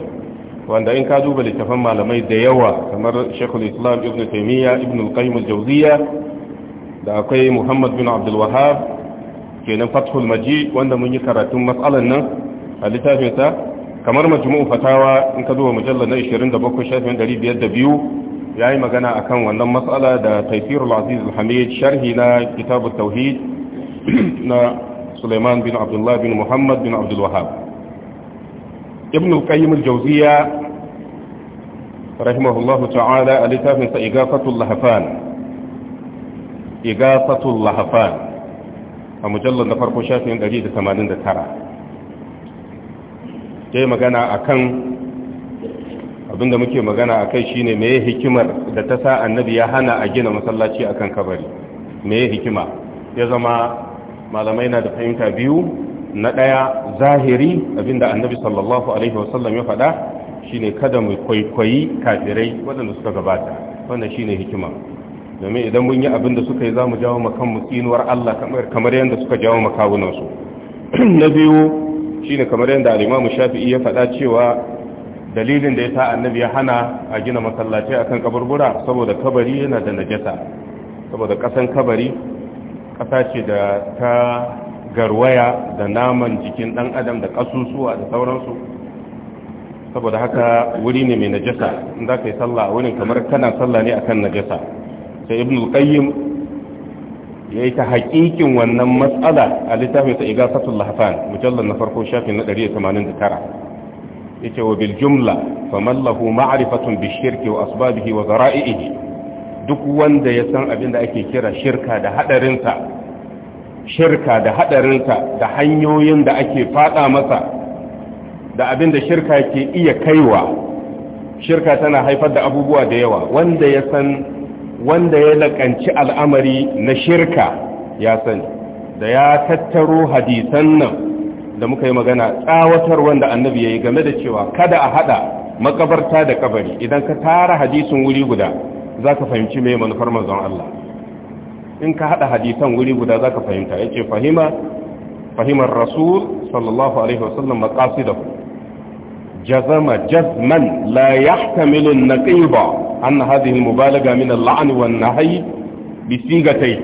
wanda in ka duba littafan malamai da yawa kamar shekul islam ibn taimiyya ibn al-qayyim al-jawziyya da akwai muhammad bin abdul wahab kenan fathul maji wanda mun yi karatun matsalan nan a littafinsa kamar majmu'u fatawa in ka duba mujallar na 27 shafin 502 ya yi magana a kan wannan matsala da taifirul aziz hamid sharhi na kitabu tauhid na suleiman bin abdullah bin muhammad bin abdul ibn al-qayyim al-jawziya rahimahullahu ta'ala a littafinsa sa igafatul lahafan igafatul lahafan a mujallar na farko shafin 189 ya yi magana a kan abinda muke magana a kai shine meye hikimar da ta sa annabi ya hana a gina masallaci akan kabari meye hikima ya zama malamai na da fahimta biyu na ɗaya zahiri abinda annabi sallallahu alaihi wasallam ya faɗa shine kada mu kwaikwayi kafirai waɗanda suka gabata wannan shine hikima domin idan mun yi abin da suka yi za mu jawo makan mutsinuwar Allah kamar yadda suka jawo makawunansu na biyu shine kamar yadda alimamu shafi'i ya faɗa cewa dalilin da ya sa annabi ya hana a gina masallaci akan kaburbura saboda kabari yana da najasa saboda kasan kabari kasa ce da ta garwaya da naman jikin dan adam da kasusuwa da sauransu saboda haka wuri ne mai najasa in za ka yi sallah a wurin kamar kana sallah ne akan najasa sai Ibnu al-qayyim ya yi ta hakikin wannan matsala a littafinsa igasatul lahfan mujallal na farko shafin na 189 yace wa bil jumla faman lahu ma'rifatun bi wa asbabihi wa zara'ihi duk wanda ya san abin da ake kira shirka da hadarinsa shirka da hadarin da hanyoyin da ake fada masa da abin da shirka ke iya kaiwa shirka tana haifar da abubuwa da yawa wanda ya san wanda ya lakanci al'amari na shirka ya sani da ya tattaro hadisan nan da muka yi magana tsawatar wanda annabi yi game da cewa kada a hada makabarta da kabari idan ka tara hadisin wuri guda ka fahimci me manufar mazan Allah in ka hada hadisan wuri guda ka fahimta yace fahima fahimar rasul sallallahu alaihi wasallam maqasidahu jazama jazman la yahtamilu an-naqiba anna hadhihi al-mubalagha min al-la'n wan bi sigatay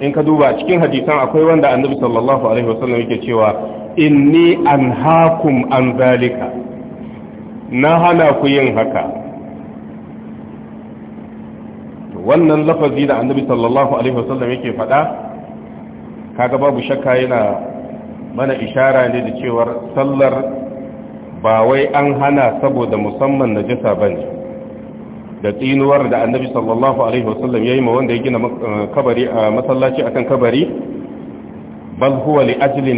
in ka duba cikin hadisan akwai wanda annabi sallallahu alaihi wasallam yake cewa inni an hakum an zalika na hana ku yin haka wannan lafazi da annabi sallallahu alaihi wasallam yake faɗa kaga babu shakka yana mana ishara ne da cewar sallar ba wai an hana saboda musamman najasa bane da tsinuwar da annabi sallallahu alaihi wasallam yayi ma wanda ya gina eh, kabari a eh, masallaci akan kabari bal huwa li ajli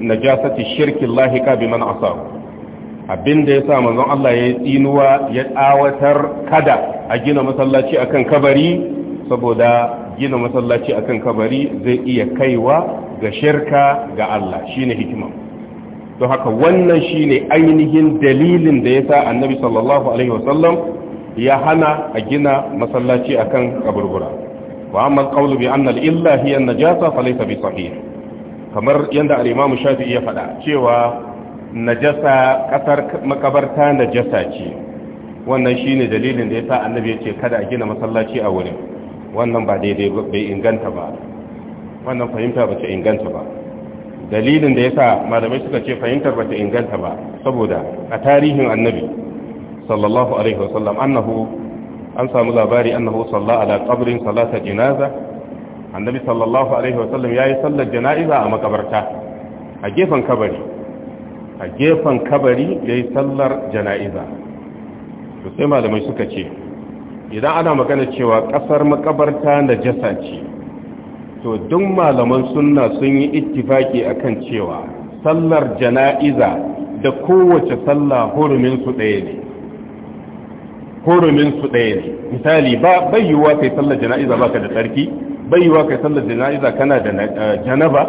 najasati shirkin lahika bi man asahu abinda ya sa manzon Allah ya tsinuwa ya tsawatar kada a gina masallaci akan kabari saboda gina masallaci akan kabari zai iya kaiwa ga shirka ga Allah shine hikima to haka wannan shine ainihin dalilin da ya sa annabi sallallahu alaihi wasallam ya hana a gina masallaci akan kaburbura wa amma bi anna al-illa hiya an-najasa falaysa bi sahih kamar yadda al'imamu shafi'i ya faɗa cewa najasa ƙasar makabarta najasa ce wannan shi ne dalilin da ya sa annabi ya ce kada a gina masallaci a wurin wannan ba daidai bai inganta ba wannan fahimta ba ce inganta ba dalilin da ya sa malamai suka ce fahimtar ba ta inganta ba saboda a tarihin annabi sallallahu alaihi wasallam annahu an samu labari annahu salla ala qabrin salata jinaza annabi sallallahu alaihi wasallam ya yi sallar jana'iza a makabarta a gefen kabari a gefen kabari ya yi sallar jana'iza to sai malamai suka ce idan ana magana cewa kasar makabarta na jasa ce to duk malaman sunna sun yi ittifaki akan cewa sallar jana'iza da kowace sallah huruminsu ɗaya ne su ɗaya ne misali ba bayyuwa kai sallar jana'iza baka da tsarki bai yiwa kai sallar jana'iza kana da eh, janaba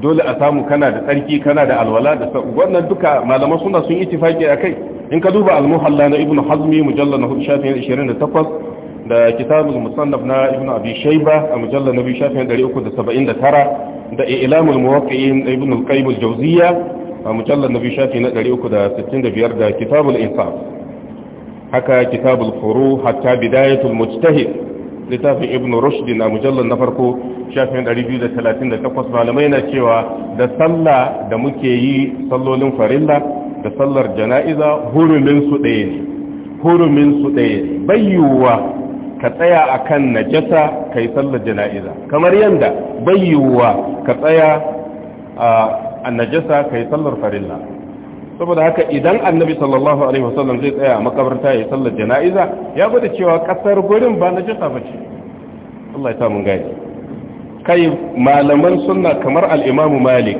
dole a samu kana da tsarki kana da alwala da sa'u wannan duka malamai suna sun ittifaki akai in ka duba al-muhalla na ibnu hazmi mujallal na 28 da kitabul musannaf na ibnu abi shayba a mujallal na 379 da ilamul muwaqqi'in da ibnu al-qayyim al-jawziyya a mujallal na 365 da kitabul insaf haka kitabul furu hatta bidayatul mujtahid littafin ibn rushd na mujallar na farko shafin 238 malamai na cewa da sallah da muke yi sallolin farilla da sallar jana'iza hurumin su ɗaya ne hurumin su ɗaya ne bayyuwa ka tsaya akan najasa kai sallar jana'iza kamar yanda bayyuwa ka tsaya a najasa kai sallar farilla saboda haka idan annabi sallallahu alaihi wasallam zai tsaya a makabarta ya sallar jana'iza ya gwada cewa kasar gurin ba na jasa bace Allah ya sa mun gani kai malaman sunna kamar al-Imam Malik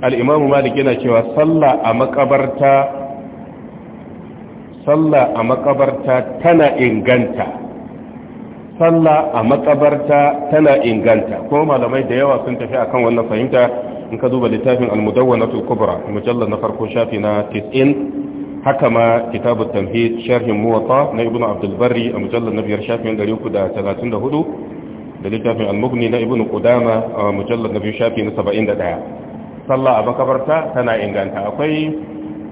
al-Imam Malik yana cewa sallah a makabarta sallah a makabarta tana inganta sallah a makabarta tana inganta ko malamai da yawa sun tafi akan wannan fahimta in ka duba littafin al-mudawwanatul kubra mujallad na farko shafi na 90 haka ma kitabut tamhid sharhin muwatta na ibnu abdul barri a mujallad na biyar shafin 334 da littafin almugni na ibnu qudama a mujallad na biyu shafi na 71 sallah a makabarta tana inganta akwai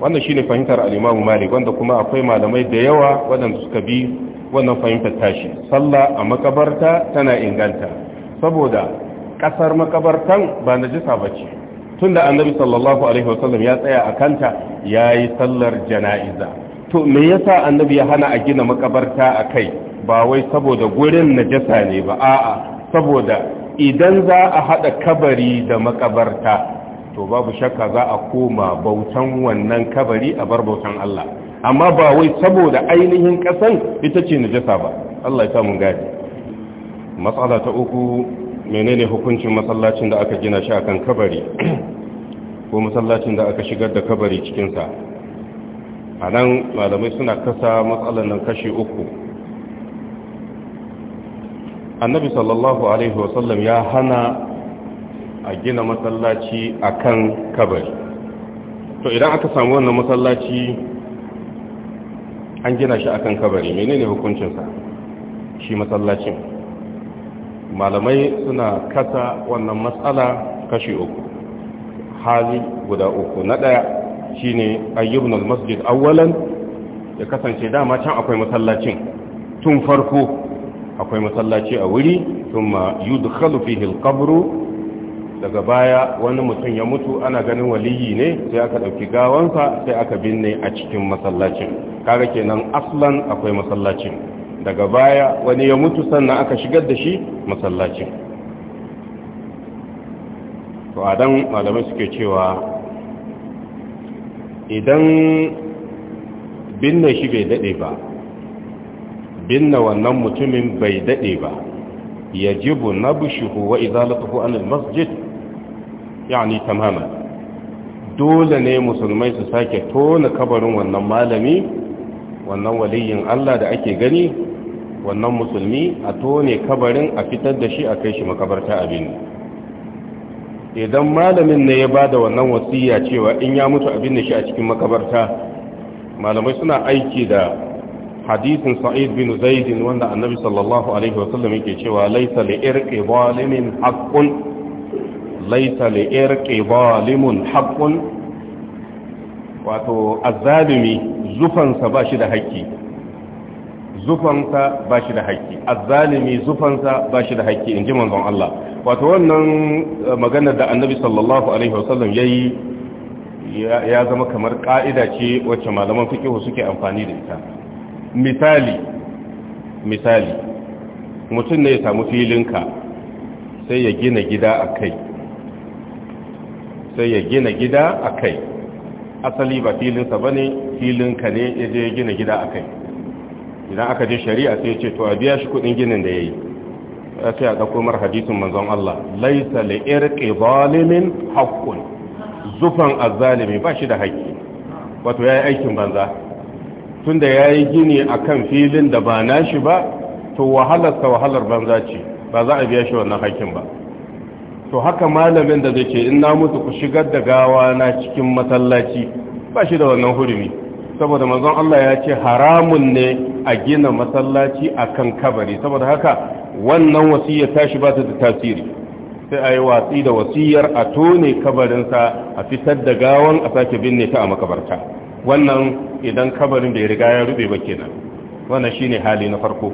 wannan shine fahimtar al-imam malik wanda kuma akwai malamai da yawa wadanda suka bi wannan fahimtar tashi sallah a makabarta tana inganta saboda kasar makabartan ba najisa bace tunda annabi sallallahu alaihi wasallam ya tsaya a kanta yayi sallar jana'iza to me yasa annabi ya hana a gina makabarta a kai ba wai saboda gurin najasa ne ba a'a saboda idan za a haɗa kabari da makabarta to babu shakka za a koma bautan wannan kabari a bar bautan Allah amma ba wai saboda ainihin kasan ita ce najasa ba Allah ya samu gadi matsala ta uku menene hukuncin masallacin da aka gina shi akan kabari ko masallacin da aka shigar da kabari cikinsa a nan malamai suna kasa matsalan kashi uku annabi sallallahu alaihi wasallam ya hana a gina masallaci akan kabari to idan aka samu wannan masallaci an gina shi akan kabari menene hukuncinsa shi masallacin malamai suna kasa wannan matsala kashi uku hali guda uku na ɗaya shine ayyubun masjid awwalan ya kasance dama can akwai masallacin tun farko akwai masallaci a wuri thumma yudkhalu fihi hilkabru daga baya wani mutum ya mutu ana ganin waliyi ne sai aka ɗauki gawansa sai aka binne a cikin masallacin kaga kenan aslan akwai masallacin daga baya wani ya mutu sannan aka shigar da shi masallacin to adan malamai suke cewa idan binne shi bai daɗe ba binne wannan mutumin bai daɗe ba yajibu jibu na wa izalatuhu an masjid yani tamaman dole ne musulmai su sake tona kabarin wannan malami wannan waliyin Allah da ake gani wannan musulmi a tone kabarin a fitar da shi a kai shi makabarta abin idan malamin ne ya bada wannan wasiya cewa in ya mutu abin da shi a cikin makabarta malamai suna aiki da hadisin sa'id bin zaidin wanda annabi sallallahu alaihi wasallam yake cewa laisa li irqi zalimin haqqun laisa li irqi zalimun haqqun wato azzalumi zufansa ba shi da haƙƙi zufansa ba shi da haƙƙi azzalumi zufansa ba shi da haƙƙi in ji manzon Allah wato wannan eh, maganar da annabi sallallahu alaihi wasallam ya yi ya zama kamar ka'ida ce wacce malaman fiqh suke amfani da ita misali misali mutum ne ya samu filinka sai ya gina gida a sai ya gina gida a kai asali ba filinsa ba ne ka ne ya je gina gida a kai idan aka je shari'a sai ce to a biya shi kudin ginin da ya yi sai a ɗauko mar hadisin manzon Allah laisa li irqi zalimin haqqun zufan azzalimi ba shi da haƙƙi wato yayi aikin banza tunda yayi gini a kan filin da ba nashi ba to wahalar wahalar banza ce ba za a biya shi wannan haƙƙin ba to haka malamin da zai ce in na mutu ku shigar da gawa na cikin masallaci ba shi da wannan hurumi saboda manzon Allah ya ce haramun ne a gina masallaci kan kabari saboda haka wannan wasiyar tashi ba ta da tasiri sai a yi watsi da wasiyar a tone kabarinsa a fitar da gawan a sake binne ta a makabarta wannan idan kabarin bai riga ya rube ba kenan wannan shine hali na farko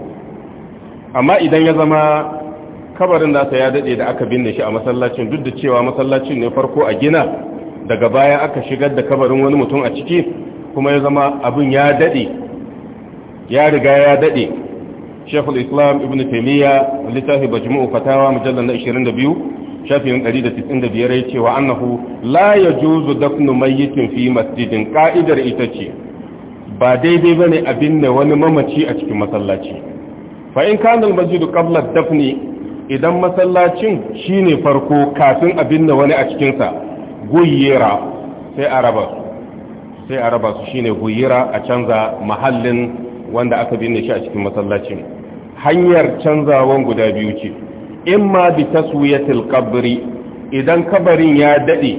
amma idan ya zama kabarin nasa ya dade da aka binne shi a masallacin duk da cewa masallacin ne farko a gina daga baya aka shigar da kabarin wani mutum a ciki kuma ya zama abin ya dade ya riga ya dade Sheikhul Islam Ibn Taymiyyah littafi Majmu'u Fatawa mujallal na 22 shafin 195 ya ce wa annahu la yajuzu dafnu mayyitin fi masjidin ka'idar ita ce ba daidai bane a binne wani mamaci a cikin masallaci fa in kana al-masjidu qabla dafni idan masallacin shine farko kafin a binne wani a cikinsa guyera sai a raba su sai a raba su shine guyera a canza mahallin wanda aka binne shi a cikin masallacin hanyar canzawan guda biyu ce imma bi taswiyatil qabri idan kabarin ya dade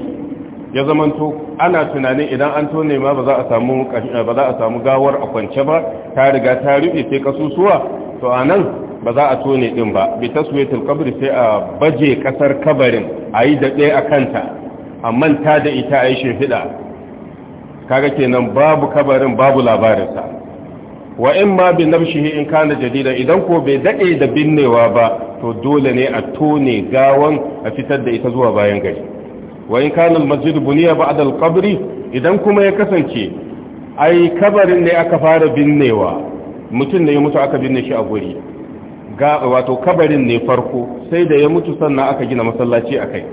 ya zamanto ana tunanin idan an tone ma a samu ba za a samu gawar a kwance ba ta riga ta rufe sai kasusuwa to a nan ba za a tone ɗin ba bi taswiyatul kabri sai a baje ƙasar kabarin a yi daɗe a kanta a manta da ita a yi shimfiɗa kaga kenan babu kabarin babu labarinsa wa in ma bi nafshihi in kana jadida idan ko bai daɗe da binnewa ba to dole ne a tone gawan a fitar da ita zuwa bayan gari wa in kana al-masjid buniya ba adal kabri idan kuma ya kasance ai kabarin ne aka fara binnewa mutum da ya mutu aka binne shi a guri ga wato kabarin ne farko sai da ya mutu sannan aka gina masallaci a kai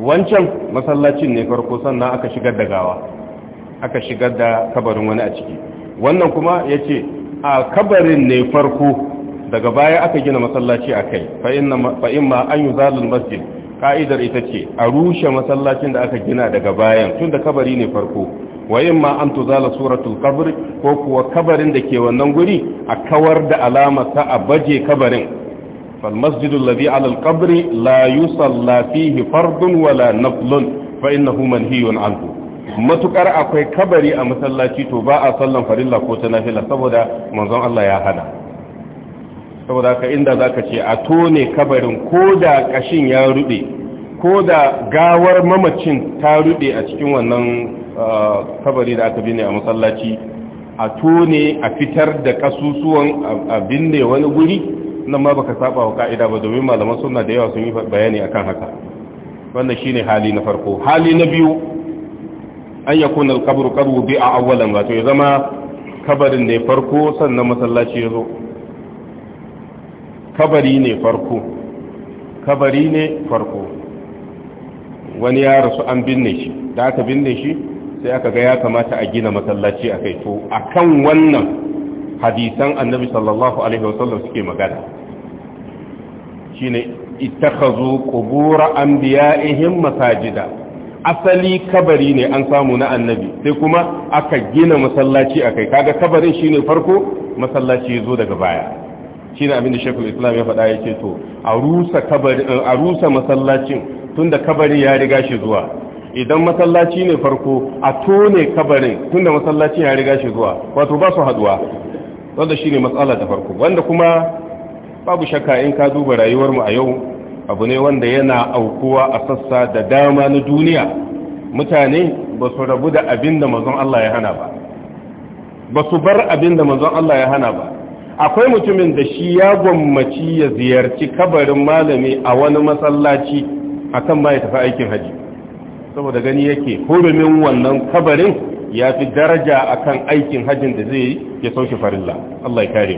wancan masallacin ne farko sannan aka shigar da gawa aka shigar da kabarin wani a ciki wannan kuma ya ce a kabarin ne farko daga baya aka gina masallaci a kai fa'in ma an yi zalin masjid ka'idar ita ce a rushe masallacin da aka gina daga bayan tun da kabari ne farko wa imma an tuzala suratul qabr ko kuwa kabarin da ke wannan guri a kawar da alama ta a baje kabarin fal masjidul ladhi ala al qabr la yusalla fihi fardun wala naflun fa innahu manhiyun anhu matukar akwai kabari a masallaci to ba a sallan farilla ko ta nafila saboda manzon Allah ya hana saboda ka inda zaka ce a tone kabarin ko da kashin ya rube ko da gawar mamacin ta rube a cikin wannan kabari da aka binne a masallaci a tone a fitar da kasusuwan a binne wani guri nan ma baka saba wa ka'ida ba domin malaman suna da yawa sun yi bayani akan haka wannan shine hali na farko hali na biyu an yakuna al-qabru qarwu bi awwalan wato ya zama kabarin ne farko sannan masallaci ya zo kabari ne farko kabari ne farko wani ya rasu an binne shi da aka binne shi sai aka ga ya kamata a gina masallaci a kai to a kan wannan hadisan annabi sallallahu alaihi wasallam suke magana shine ittakhazu qubur anbiya'ihim masajida asali kabari ne an samu na annabi sai kuma aka gina masallaci a akai kaga kabarin shine farko masallaci yazo daga baya shine abin da shekul Islam ya faɗa yake to a rusa kabari a rusa masallacin tunda kabari ya riga shi zuwa idan masallaci ne farko a tone kabarin tunda masallaci ya riga shi zuwa wato ba su haduwa wanda shi ne matsala ta farko wanda kuma babu shakka in ka duba rayuwar mu a yau abu ne wanda yana aukuwa a sassa da dama na duniya mutane ba su rabu da abin da mazan Allah ya hana ba ba su bar abin da mazan Allah ya hana ba akwai mutumin da shi ya gwammaci ya ziyarci kabarin malami a wani masallaci akan ba ya tafi aikin haji saboda gani yake hurumin wannan kabarin ya fi daraja akan aikin hajjin da zai ya sauke farilla Allah ya kare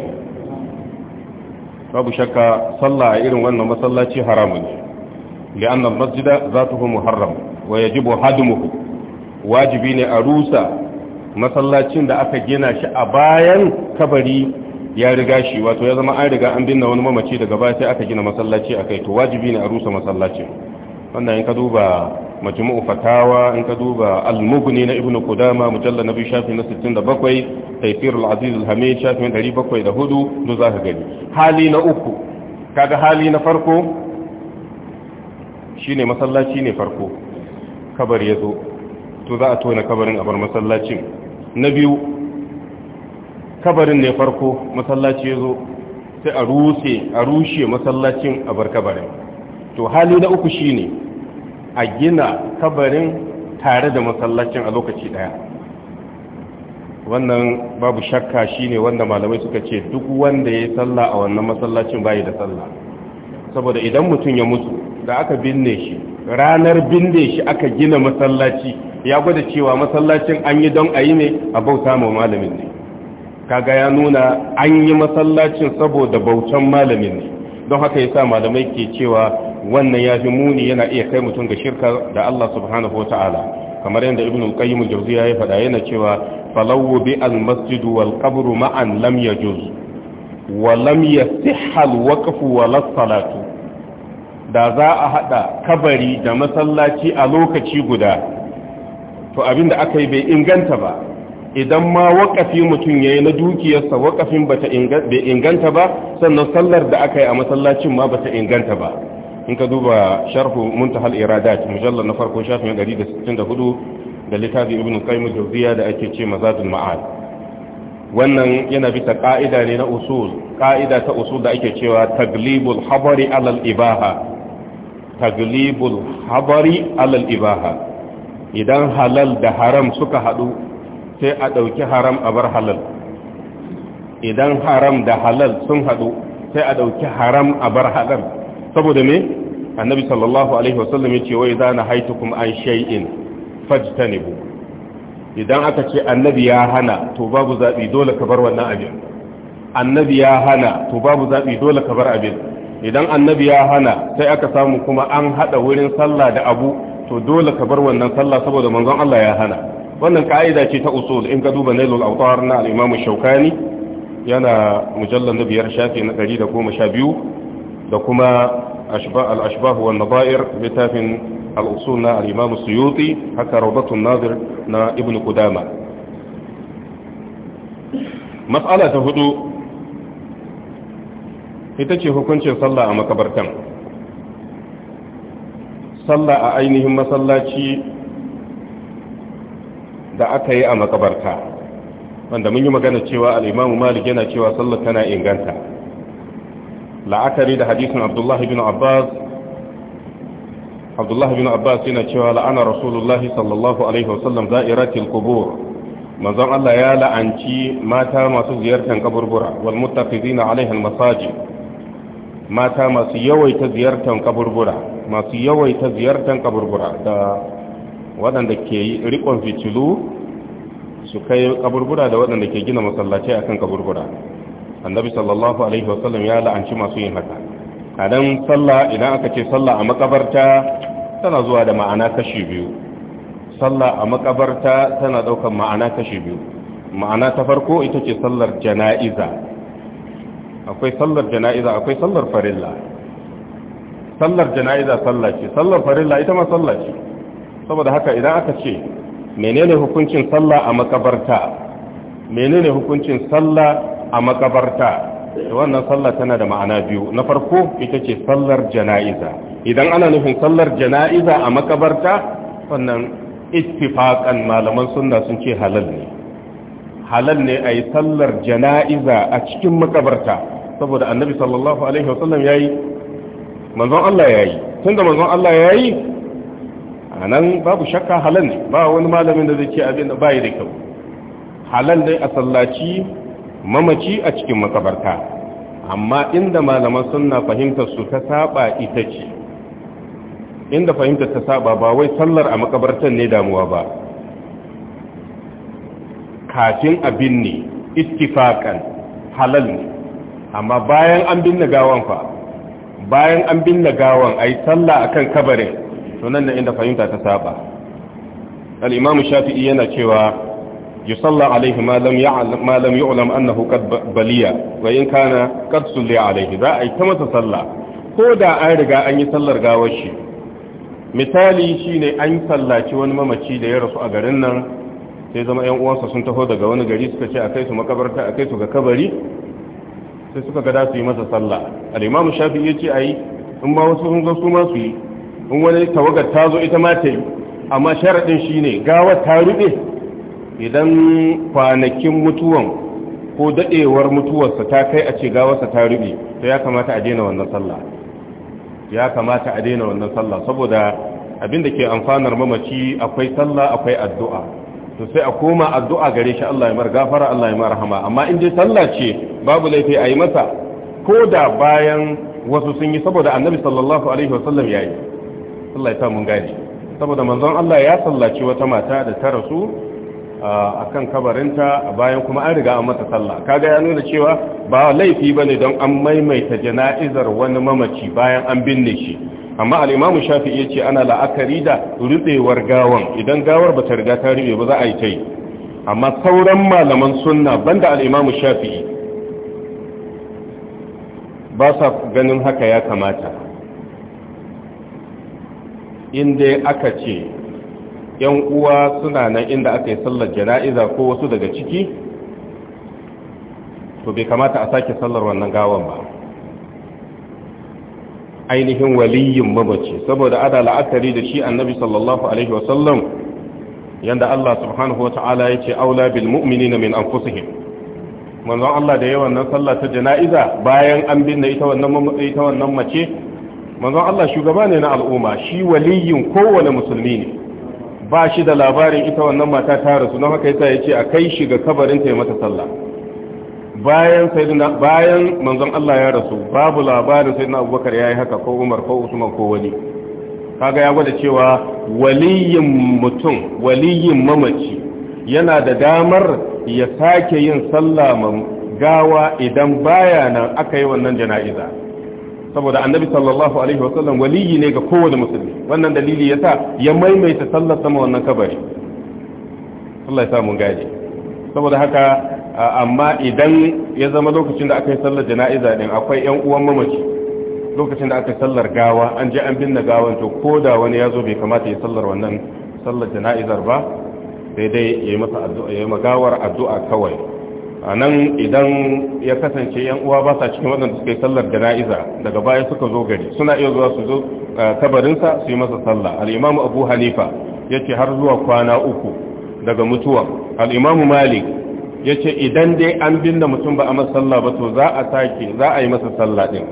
babu shakka sallah a irin wannan masallaci haramu ne li'anna al-masjida zatuhu muharram wa yajibu hadmuhu wajibi ne a rusa masallacin da aka gina shi a bayan kabari ya riga shi wato ya zama an riga an binne wani mamaci daga baya sai aka gina masallaci akai to wajibi ne a rusa masallacin wannan in ka duba majmu'u fatawa in ka duba al-mughni na ibnu qudama mujallal nabi shafi na 67 tafsir al-aziz al-hamid shafi na 704 do zaka gani hali na uku kaga hali na farko shine masallaci ne farko kabar yazo to za a tona kabarin a bar masallacin na biyu kabarin ne farko masallaci yazo sai a rushe a rushe masallacin a bar kabarin to hali na uku shine a gina kabarin tare da masallacin a lokaci daya wannan babu shakka shine wanda malamai suka ce duk wanda ya yi sallah a wannan masallacin bayi da sallah saboda idan mutum ya mutu da aka binne shi ranar binne shi aka gina masallaci ya gwada cewa masallacin an yi don a yi ne a bauta ma malamin ne kaga ya nuna an yi masallacin saboda bautan malamin ne don haka ya sa malamai ke cewa wannan ya fi muni yana iya kai mutum ga shirka da Allah subhanahu wa ta'ala kamar yadda ibn al-qayyim al-jawziya ya faɗa yana cewa falawu bi al-masjid wal qabr ma'an lam yajuz wa lam yasihh al-waqf wa la salatu da za a hada kabari da masallaci a lokaci guda to abinda aka yi bai inganta ba idan ma wakafi mutum ya yi na dukiyarsa wakafin bata inganta ba sannan sallar da aka yi a masallacin ma bata inganta ba in ka duba sharhu muntahal iradat mujallar na farko shafin 164 da littafin ibn qayyim jawziya da ake ce mazadul ma'ad wannan yana bisa ka'ida ne na usul ka'ida ta usul da ake cewa taglibul habari alal ibaha taglibul habari alal ibaha idan halal da haram suka hadu sai a ɗauki haram a bar halal idan haram da halal sun haɗu sai a ɗauki haram a bar halal saboda me annabi sallallahu alaihi wasallam ce wai za na kuma an shay'in fajtanibu idan aka ce annabi ya hana to babu zaɓi dole ka bar wannan abin annabi ya hana to babu zaɓi dole ka bar abin idan annabi ya hana sai aka samu kuma an haɗa wurin sallah da abu to dole ka bar wannan sallah saboda manzon Allah ya hana wannan ka'ida ce ta usul in ka duba nailul autar na al-imam shaukani yana mujallal na biyar shafi na 112 da kuma al-ashbah wa nadair littafin al-usul na al-imam suyuti haka rawdatun nadir na ibn qudama mas'ala ta hudu ita ce hukuncin sallah a makabartan sallah a ainihin masallaci da aka yi a makabarta wanda mun yi magana cewa al'imamu malik yana cewa sallar tana inganta la'akari da hadisin abdullahi bin abbas abdullahi bin abbas yana cewa la'ana rasulullahi sallallahu alaihi wasallam za'iratil qubur manzon Allah ya la'anci mata masu ziyartar kaburbura wal muttaqizina alaiha al masaji mata masu yawaita ziyartar kaburbura masu yawaita ziyartar kaburbura da waɗanda ke rikon fitilu su kai kaburbura da waɗanda ke gina masallaci akan kaburbura annabi sallallahu alaihi wasallam ya la'anci masu yin haka a dan sallah idan aka ce sallah a makabarta tana zuwa da ma'ana kashi biyu sallah a makabarta tana ɗaukar ma'ana kashi biyu ma'ana ta farko ita ce sallar jana'iza akwai sallar jana'iza akwai sallar farilla sallar jana'iza sallah ce sallar farilla ita ma sallah ce saboda haka idan aka ce menene hukuncin sallah a makabarta menene hukuncin sallah a makabarta wannan sallah tana da ma'ana biyu na farko ita ce sallar jana'iza idan ana nufin sallar jana'iza a makabarta wannan ittifaqan malaman sunna sun ce halal ne halal ne a yi sallar jana'iza a cikin makabarta saboda annabi sallallahu alaihi wasallam yayi manzon Allah yayi tunda manzon Allah yayi a nan babu shakka halal ne ba wani malamin da zai ce abin da bayi da kyau halal dai a sallaci mamaci a cikin makabarta amma inda malaman sunna fahimtar ta saba ita ce inda fahimtar ta saba ba wai sallar a makabartan ne damuwa ba kafin abin ne ittifakan halal ne amma bayan an binne gawan fa bayan an binne gawan ai sallah akan kabarin sunan da inda fahimta ta saba al-imam shafi'i yana cewa yusalla alaihi ma lam ya'lam ma lam yu'lam annahu qad baliya wa in kana qad sulli Alayhi, za a yi ta masa sallah ko da an riga an yi sallar gawar shi misali shine an sallaci wani mamaci da ya rasu a garin nan sai zama yan uwansa sun taho daga wani gari suka ce a kai su makabarta a kai su ga kabari sai suka ga da su yi masa sallah al-imam shafi'i ya ce ayi in ba wasu sun zo su ma su yi in wani tawagar ta zo ita ma ta yi amma sharaɗin shi ne gawar ta ruɗe. idan kwanakin mutuwan ko daɗewar mutuwarsa ta kai a ce gawarsa ta ruɗe, to ya kamata a daina wannan sallah ya kamata a daina wannan sallah saboda abin da ke amfanar mamaci akwai sallah akwai addu'a to sai a koma addu'a gare shi Allah ya mar gafara Allah ya mar rahama amma in dai sallah ce babu laifi a yi masa ko da bayan wasu sun yi saboda annabi sallallahu alaihi wasallam ya yi Allah ya sa mun gane saboda manzon Allah ya sallaci wata mata da ta rasu a kan kabarinta bayan kuma an riga an mata sallah kaga ya nuna cewa ba laifi bane don an maimaita jana'izar wani mamaci bayan an binne shi amma al-Imam Shafi'i yace ana la'akari da rubewar gawan idan gawar bata riga ta rube ba za a yi tai amma sauran malaman sunna banda al-Imam Shafi'i ba sa ganin haka ya kamata inda aka ce yan uwa suna nan inda aka yi sallar jana'iza ko wasu daga ciki to bai kamata a sake sallar wannan gawan ba ainihin waliyin mabace saboda ada la'akari da shi annabi sallallahu alaihi wasallam yanda Allah subhanahu ta'ala ya ce aula bil mu'minina min anfusihim manzon Allah da yawan nan sallar ta jana'iza bayan an binne ita wannan ita wannan mace manzon Allah shugaba ne na al'umma shi waliyin kowane musulmi ne ba shi da labarin ita wannan mata ta rasu don haka yasa yace a kai shi ga kabarin ta mata sallah bayan sayyidina bayan manzon Allah ya rasu babu labarin sayyidina Abubakar yayi haka ko Umar ko Usman ko wani kaga ya gwada cewa waliyin mutum waliyin mamaci yana da damar ya sake yin sallah gawa idan baya nan aka yi wannan jana'iza saboda annabi sallallahu alaihi wasallam waliyi ne ga kowane musulmi wannan dalili yasa ya maimaita sallar sama wannan kabari Allah ya sa mun gaje saboda haka amma idan ya zama lokacin da aka yi sallar jana'iza din akwai yan uwan mamaci lokacin da aka sallar gawa an je an binne gawan to ko da wani ya zo bai kamata ya sallar wannan sallar jana'izar ba sai dai ya yi masa addu'a ya yi magawar addu'a kawai a nan idan ya kasance yan uwa ba sa cikin waɗanda suka yi sallar jana'iza daga baya suka zo gari suna iya zuwa su zo eh, kabarinsa su yi masa sallah al'imamu abu hanifa ya ce har zuwa kwana uku daga mutuwa al'imamu malik ya ce idan dai an binne mutum ba a masa sallah ba to za a sake za a yi masa sallah ɗin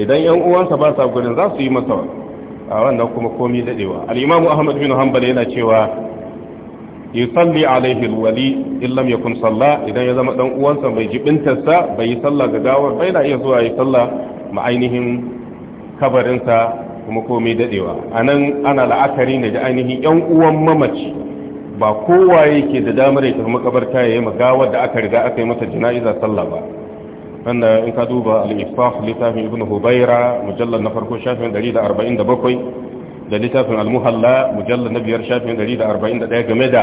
idan yan uwansa ba sa gurin za su yi masa a wannan kuma komi daɗewa al'imamu ahmad bin hanbal yana cewa yusalli alaihi alwali in lam yakun salla idan ya zama dan uwansa bai jibintarsa bai yi sallah ga gawar bai na iya zuwa yi sallah ma ainihin kabarinsa kuma komai dadewa anan ana la'akari ne da ainihin yan uwan mamaci ba kowaye ke da damar ya tafi makabarta ya yi magawar da aka riga aka yi masa jana'iza sallah ba wanda in ka duba al-ifah littafin ibn hubaira mujallar na farko shafin 147 da littafin almuhalla mujallar na biyar shafin 141 game da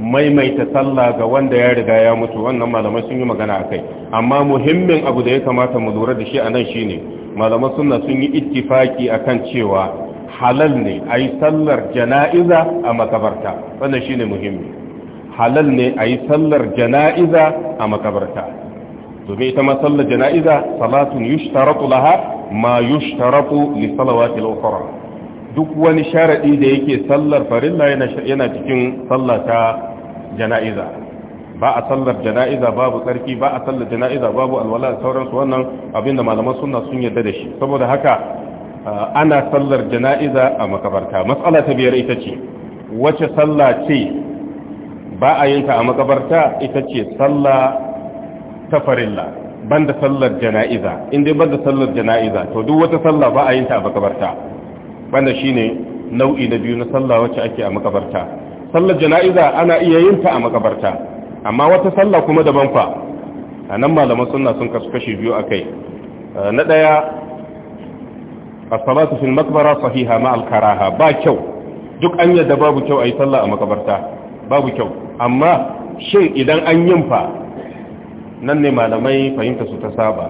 maimaita sallah ga wanda ya riga ya mutu wannan malamai sun yi magana akai amma muhimmin abu da ya kamata mu lura da shi a nan shine malamai sunna sun yi ittifaki akan cewa halal ne a yi sallar jana'iza a makabarta wannan shine muhimmi halal ne a yi sallar jana'iza a makabarta domin ita ma sallar jana'iza salatun yushtaratu laha ma yushtaratu li salawatil ukhra duk wani sharaɗi da yake sallar farilla yana cikin sallar ta jana'iza ba a sallar jana'iza babu tsarki ba a sallar jana'iza babu alwala da sauransu wannan abinda malaman suna sun yarda da shi saboda haka ana sallar jana'iza a makabarta matsala ta biyar ita ce wace sallah ce ba a yin ta a makabarta ita ce sallah ta farilla banda sallar jana'iza in dai banda sallar jana'iza to duk wata sallah ba a yin ta a makabarta bana shine nau'i na biyu na sallah wacce ake a makabarta sallar jana'iza ana iya yin ta a makabarta amma wata sallah kuma daban fa a nan malaman suna sun kasu kashi biyu kai eh, na ɗaya as-salatu fil maqbara sahiha ma al ba kyau duk an yadda babu kyau yi sallah a makabarta babu kyau amma shin idan an yin fa nan ne malamai fahimta su ta saba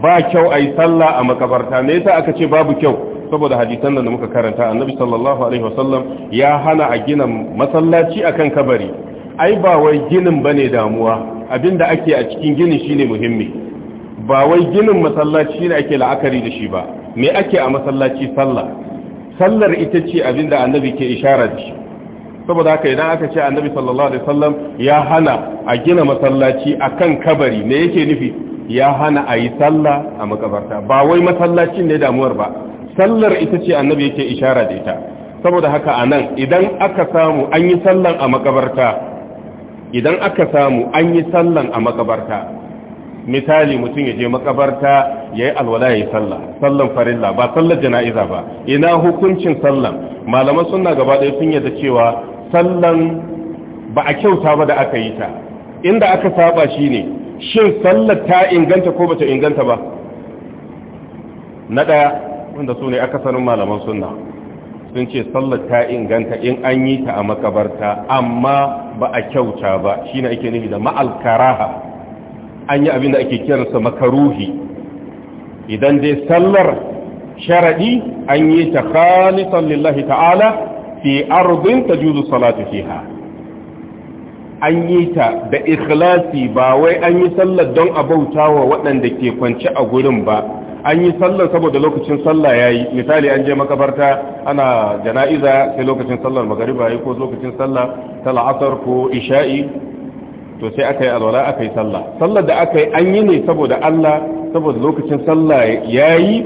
ba kyau ayi sallah a makabarta me yasa aka ce babu kyau saboda hadisan da muka karanta annabi sallallahu alaihi wasallam ya hana a gina masallaci akan kabari ai ba wai ginin bane damuwa abinda ake a cikin gini shine muhimmi ba wai ginin masallaci ne ake la'akari da shi ba me ake a masallaci sallah sallar ita ce abinda annabi ke ishara da shi saboda haka idan aka ce annabi sallallahu alaihi wasallam ya hana a gina masallaci akan kabari me yake nufi ya hana a yi sallah a makabarta ba wai masallacin ne damuwar ba sallar ita ce annabi yake ishara da ita saboda haka a nan idan aka samu an yi sallan a makabarta idan aka samu an yi sallan a makabarta misali mutum ya je makabarta ya yi alwala ya yi sallah sallan farilla ba sallar jana'iza ba ina hukuncin sallan malaman suna gaba ɗaya sun yarda cewa sallan ba a kyauta ba da aka yi ta inda aka saba shi ne shin sallar ta inganta ko bata inganta ba na ɗaya wanda su ne akasarin malaman sunna sun ce sallar ta inganta in an yi ta a makabarta amma ba a kyauta ba ne ake nufi da ma'al an yi abin da ake kiransa makaruhi idan dai sallar sharaɗi an yi ta khalisan lillahi ta'ala fi ardin tajuzu salatu fiha an yi ta da ikhlasi ba wai an yi sallar don a bautawa waɗanda ke kwance a gurin ba an yi sallar saboda lokacin sallah ya yi misali an je makabarta ana jana'iza sai lokacin sallar magariba ya ko lokacin sallah ta la'asar ko isha'i to sai aka yi alwala aka yi sallah sallar da aka yi an yi ne saboda Allah saboda lokacin sallah ya yi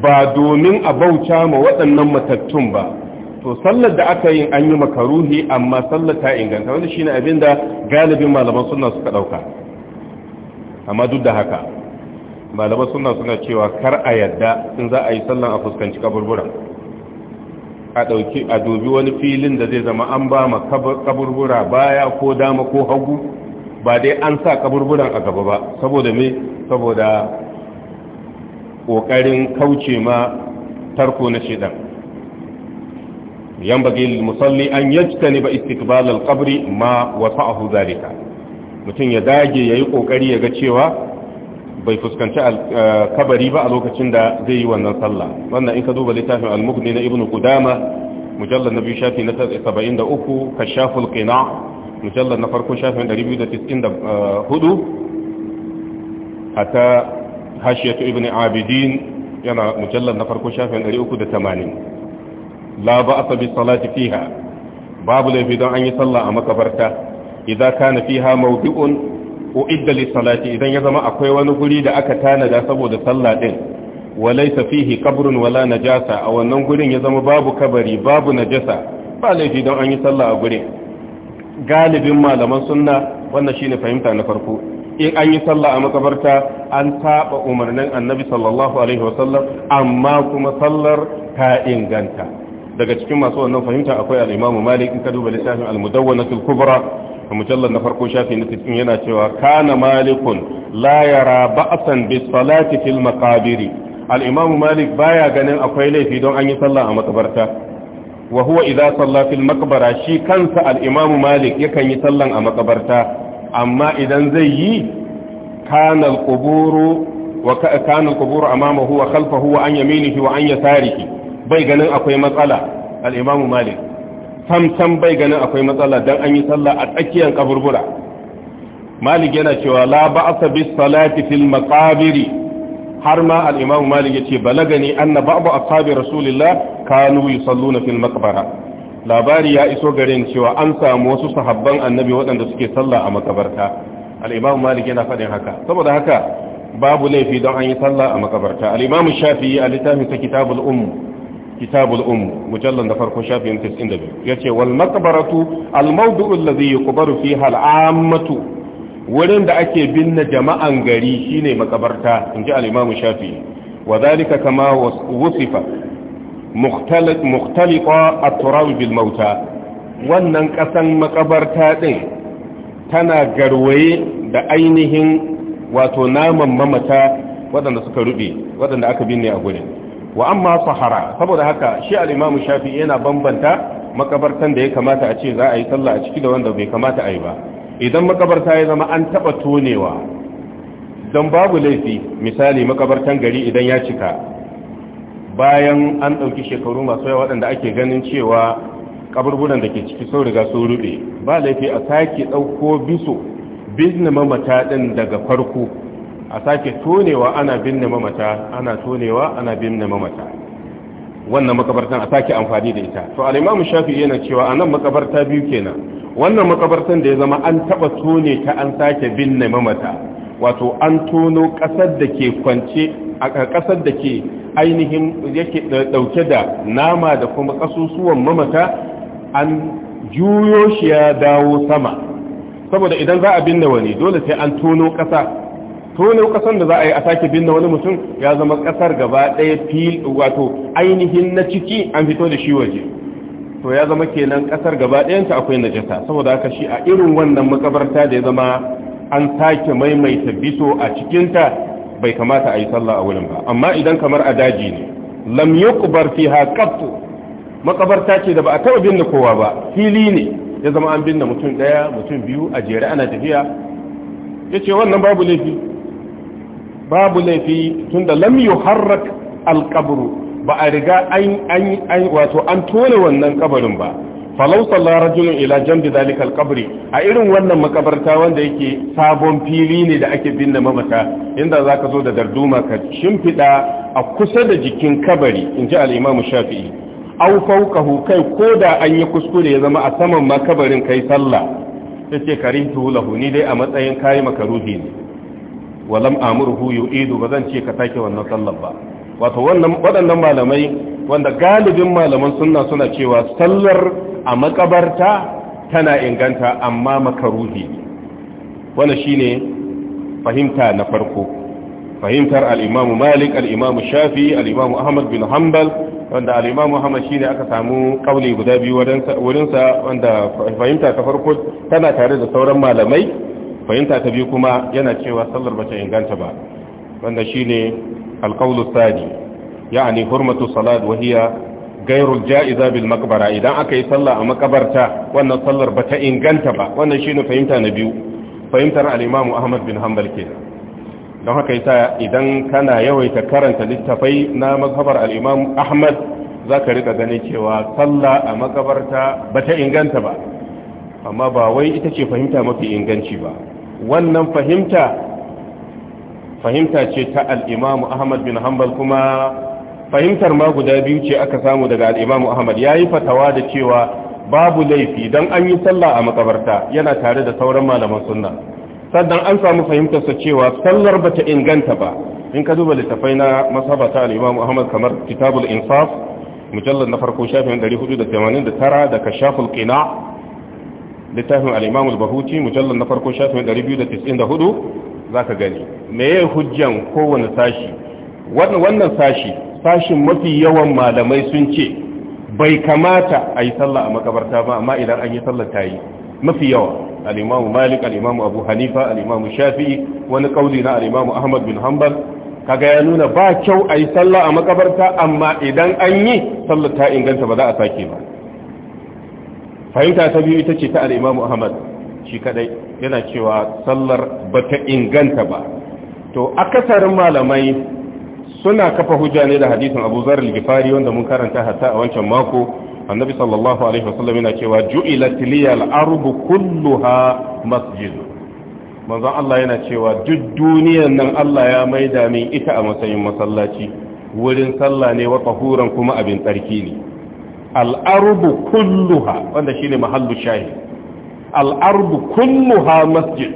ba domin a bauta ma waɗannan matattun ba to sallar da aka yi an yi makaruhi amma sallar ta inganta wani shine abin da galibin malaman sunna suka ɗauka amma duk da haka malaman suna suna cewa kar a yadda in za a yi sallan a fuskanci kaburburan a ɗauki a dubi wani filin da zai zama an ba ma kaburbura baya ko dama ko hagu ba dai an sa kaburburan a gaba ba saboda me saboda ƙoƙarin kauce ma tarko na shedan yan bagil musalli an yajtani ba istiqbal al-qabri ma wasa'ahu zalika mutum ya dage ya yi kokari ya ga cewa bai fuskanci eh, kabari ba a lokacin da zai yi wannan sallah wannan in ka duba littafin al-mughni na ibnu qudama mujallad na biyu shafi na 73 kashaful qina mujallad na farko shafin 294 eh, hatta hashiyatu ibnu abidin yana mujallad na farko shafin 380 la ba'sa bi salati fiha babu laifi don an yi sallah a makabarta idza kana fiha mawdi'un uidda lis-salati idan ya zama akwai wani guri da aka tanada saboda sallah din walai fihi qabrun wala najasa a wannan gurin ya zama babu kabari babu najasa ba laifi don an yi sallah a gurin galibin malaman sunna wannan shine fahimta na farko in an yi sallah a makabarta an saba umarnin annabi sallallahu alaihi wasallam amma kuma sallar ta inganta daga cikin masu wannan fahimta akwai al-imamu malik in ka duba littafin al-mudawwanatul kubra a mujallar na farko shafi na titin yana cewa kana malikun la yara ba'san bi salati fil maqabiri al-imam malik baya ganin akwai laifi don an yi sallah a makabarta wa huwa idza salla fil maqbara shi kansa al-imam malik yakan yi sallan a makabarta amma idan zai yi kana al-quburu wa kana al-quburu amamahu wa khalfahu wa an yaminihi wa an yasarihi bai ganin akwai matsala al-imam malik samsam bai ganin akwai matsala dan an yi sallah a tsakiyar kaburbura malik yana cewa la ba'sa bis salati fil maqabiri har ma al-imam malik yace balagani anna babu ashabi rasulillah kanu yusalluna fil maqbara labari ya iso garin cewa an samu wasu sahabban annabi waɗanda suke sallah a makabarta al malik yana faɗin haka saboda haka babu laifi don an yi sallah a makabarta al shafi shafi'i a littafin sa kitabul umm kitabul umm mujallal da farko shafin 92 yace wal maqbaratu al mawdu'u alladhi yuqbaru fiha al ammatu wurin da ake binne jama'an gari shine makabarta inji al imam shafi wa dhalika kama wusifa mukhtalif mukhtaliqa at mauta wannan kasan makabarta din tana garwaye da ainihin wato naman mamata waɗanda suka ruɓe waɗanda aka binne a gurin wa amma sahara saboda haka shi al-imamu shafi yana bambanta makabartan da ya kamata a ce za a yi sallah a ciki da wanda bai kamata a yi ba idan makabarta ya zama an taba tonewa don babu laifi misali makabartan gari idan ya cika bayan an ɗauki shekaru masu yawa waɗanda ake ganin cewa kaburburan da ke ciki sau riga sun rube ba laifi a sake ɗauko biso bizna mamata ɗin daga farko a sake tonewa ana binne mamata ana tonewa ana binne mamata wannan makabartan a sake amfani da ita to al-imam shafi yana cewa anan makabarta biyu kenan wannan makabartan da ya zama an taba tone ta an sake binne mamata wato an tono kasar da ke kwance a kasar da ke ainihin yake dauke da nama da kuma kasusuwan mamata an juyo shi ya dawo sama saboda idan za a binne wani dole sai an tono kasa to kuka kasan da za a yi a sake binne wani mutum ya zama kasar gaba ɗaya fil wato ainihin na ciki an fito da shi waje to ya zama kenan kasar gaba ɗayanta akwai najasa saboda haka shi a irin wannan makabarta da ya zama an sake maimaita bito a cikinta bai kamata a yi sallah a wurin ba amma idan kamar a daji ne lam yuqbar fiha qat makabarta ce da ba a taɓa binne kowa ba fili ne ya zama an binne mutum ɗaya mutum biyu a jere ana tafiya yace wannan babu laifi babu laifi tunda lam yuharrak alqabru ba a riga an an wato an tone wannan kabarin ba falau salla rajulun ila jambi zalikal kabri a irin wannan makabarta wanda yake sabon fili ne da ake binne mamata inda zaka zo da darduma ka shimfida a kusa da jikin kabari inji al-imamu shafi'i aw fawqahu kai koda an yi kuskure ya zama a saman makabarin kai sallah yace karintu lahu ni dai a matsayin kai makaruhi ne walam amurhu yu'idu ba zan ce ka take wannan sallar ba wato wannan waɗannan malamai wanda galibin malaman sunna suna cewa sallar a makabarta tana inganta amma makaruhi wannan shine fahimta na farko fahimtar al-Imam Malik al-Imam Shafi al-Imam Ahmad bin Hanbal wanda al-Imam Ahmad shine aka samu kauli guda biyu wurin sa wanda fahimta ta farko tana tare da sauran malamai fahimta ta biyu kuma yana cewa sallar bata inganta ba wanda shine alqawlu sadi yani hurmatu salat wa hiya gairul ja'iza bil maqbara idan aka yi sallah a makabarta wannan sallar bata inganta ba wannan shine fahimta na biyu fahimtar al-Imam Ahmad bin Hanbal kenan don haka yasa idan kana yawaita karanta littafai na mazhabar al-Imam Ahmad zaka rika ganin cewa sallah a makabarta bata inganta ba amma ba wai ita ce fahimta mafi inganci ba wannan fahimta fahimta ce ta al'imamu ahmad bin hanbal kuma fahimtar ma guda biyu ce aka samu daga al'imamu ahmad ya yi fatawa da cewa babu laifi don an yi sallah a makabarta yana tare da sauran malaman sunna sannan an samu fahimtarsa cewa sallar bata inganta ba in ka duba littafai na masabata al'imamu ahmad kamar kitabul insaf mujallar na farko shafin 489 da kashaful qina' littafin al-imam al-bahuti mujallal na farko shafin 294 ka gani me meye hujjan kowane sashi wannan sashi sashin mafi yawan malamai sun ce bai kamata a yi sallah a makabarta ba amma idan an yi sallah ta yi mafi yawa alimamu malik alimamu abu hanifa alimamu shafi wani kauli na alimamu imam ahmad bin hanbal kaga ya nuna ba kyau a yi sallah a makabarta amma idan an yi sallah ta inganta ba za a sake ba fahimta ta biyu ita ce ta al'imamu ahmad shi kadai yana cewa sallar ba ta inganta ba to akasarin malamai suna kafa hujja ne da hadisin abu zarar gifari wanda mun karanta hata a wancan mako annabi sallallahu alaihi wasallam yana cewa ju'ilat liyal ardu kulluha masjid manzon Allah yana cewa duk duniyar nan Allah ya maida min ita a matsayin masallaci wurin sallah ne wa tahuran kuma abin tsarki ne al'arbu kulluha wanda shi ne mahallu shahi al'arbu kulluha masjid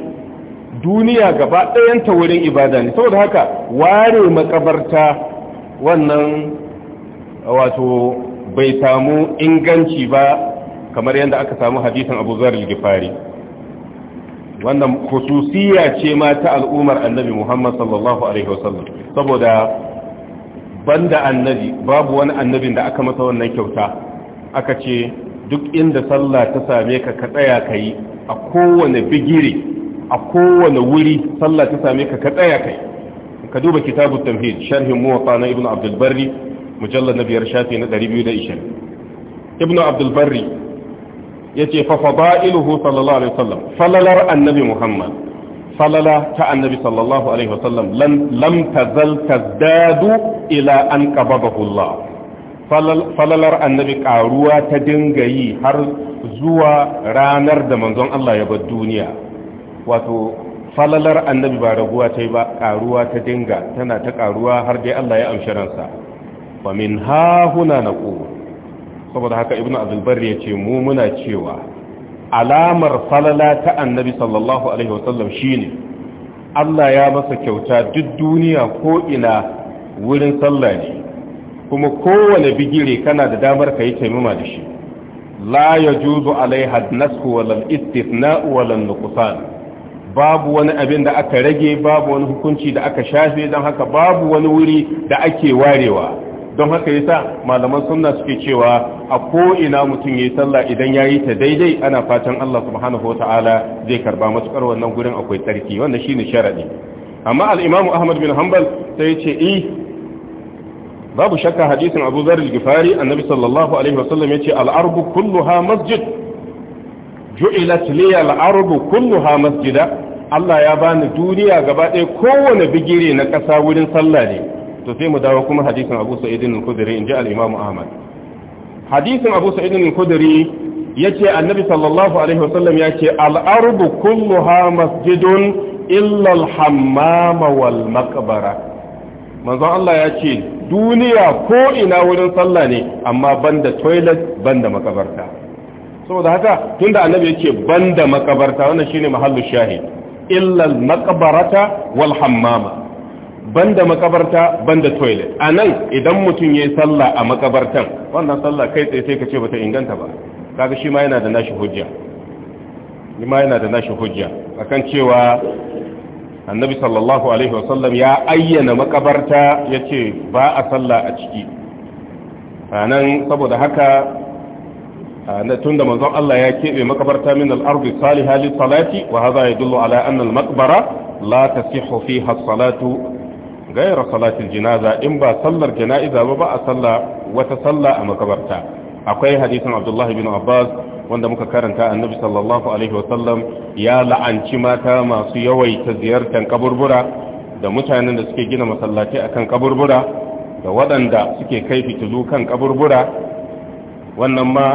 duniya gaba ɗayanta wurin ibada ne saboda haka ware makabarta wannan wato bai samu inganci ba kamar yadda aka samu hadisan abu zarar gifari wannan khususiya ce ma ta al'umar annabi muhammad sallallahu alaihi wasallam saboda banda annabi babu wani annabin da aka masa wannan kyauta aka ce duk inda sallah ta same ka ka tsaya ka yi a kowane bigire a kowane wuri sallah ta same ka ka tsaya ka yi ka duba kitabun tamhid sharhin muwatta na ibn abdulbarri mujallar na biyar shafi na 220 ibn abdulbarri ya ce fafaba iluhu sallallahu alaihi wasallam falalar annabi muhammad falala ta annabi sallallahu alaihi wasallam lam tazal tazdadu ila an qabadahu allah falalar annabi karuwa ta dinga yi har zuwa ranar da manzon Allah ya bar duniya wato falalar annabi ba raguwa ta yi ba karuwa ta dinga tana ta karuwa har dai Allah ya amshi ransa Ba min ha na naqu saboda haka ibnu abdul yace mu muna cewa alamar falala ta annabi sallallahu alaihi wasallam shine Allah ya masa kyauta duk duniya ko ina wurin sallah ne kuma kowane bigire kana da damar ka yi taimama da shi la ya juzu alaiha nasu walal istithna walal nuqsan babu wani abin da aka rage babu wani hukunci da aka shafe don haka babu wani wuri da ake warewa don haka yasa malaman sunna suke cewa a ko ina mutum yayi sallah idan yayi ta daidai ana fatan Allah subhanahu wataala zai karba matukar wannan gurin akwai tsarki wannan shine sharadi amma al imamu Ahmad bin Hanbal sai ya ce eh babu shakka hadisin abu zar al-gifari annabi sallallahu alaihi wasallam yace al-ardu kulluha masjid ju'ila li al'arbu ardu kulluha masjida Allah ya bani duniya gaba ɗaya kowane bigire na ƙasa wurin sallah ne to sai mu dawo kuma hadisin abu sa'idin al-khudri inji al-imam ahmad hadisin abu sa'idin al ya ce annabi sallallahu alaihi wasallam yace al-ardu kulluha masjidun illa al-hammam wal maqbara manzon Allah ya ce duniya ko ina wurin sallah ne amma banda toilet banda makabarta saboda haka tunda annabi yake banda makabarta wannan shine mahallu shahid illa al maqbarata wal hammama banda makabarta banda toilet anan idan mutum yayi sallah a makabartan wannan sallah kai tsaye sai ka ce bata inganta ba kaga shi ma yana da nashi hujja shi ma yana da nashi hujja akan cewa annabi sallallahu alaihi wasallam ya ayyana makabarta ya ce ba a sallah a ciki nan saboda haka tun da manzon Allah ya keɓe makabarta min al'arzi sali li salati wa haza ya dullu ala annal makbara la tasihu fiha salatu gaira salatin jinaza in ba sallar jana'iza ba ba a sallah wata sallah a makabarta akwai hadisin abdullahi bin abbas wanda muka karanta annabi sallallahu alaihi wasallam ya la'anci mata masu yawaita ziyartar kaburbura da mutanen da suke gina masallaci akan kaburbura da waɗanda suke kai fitilu kan kaburbura wannan ma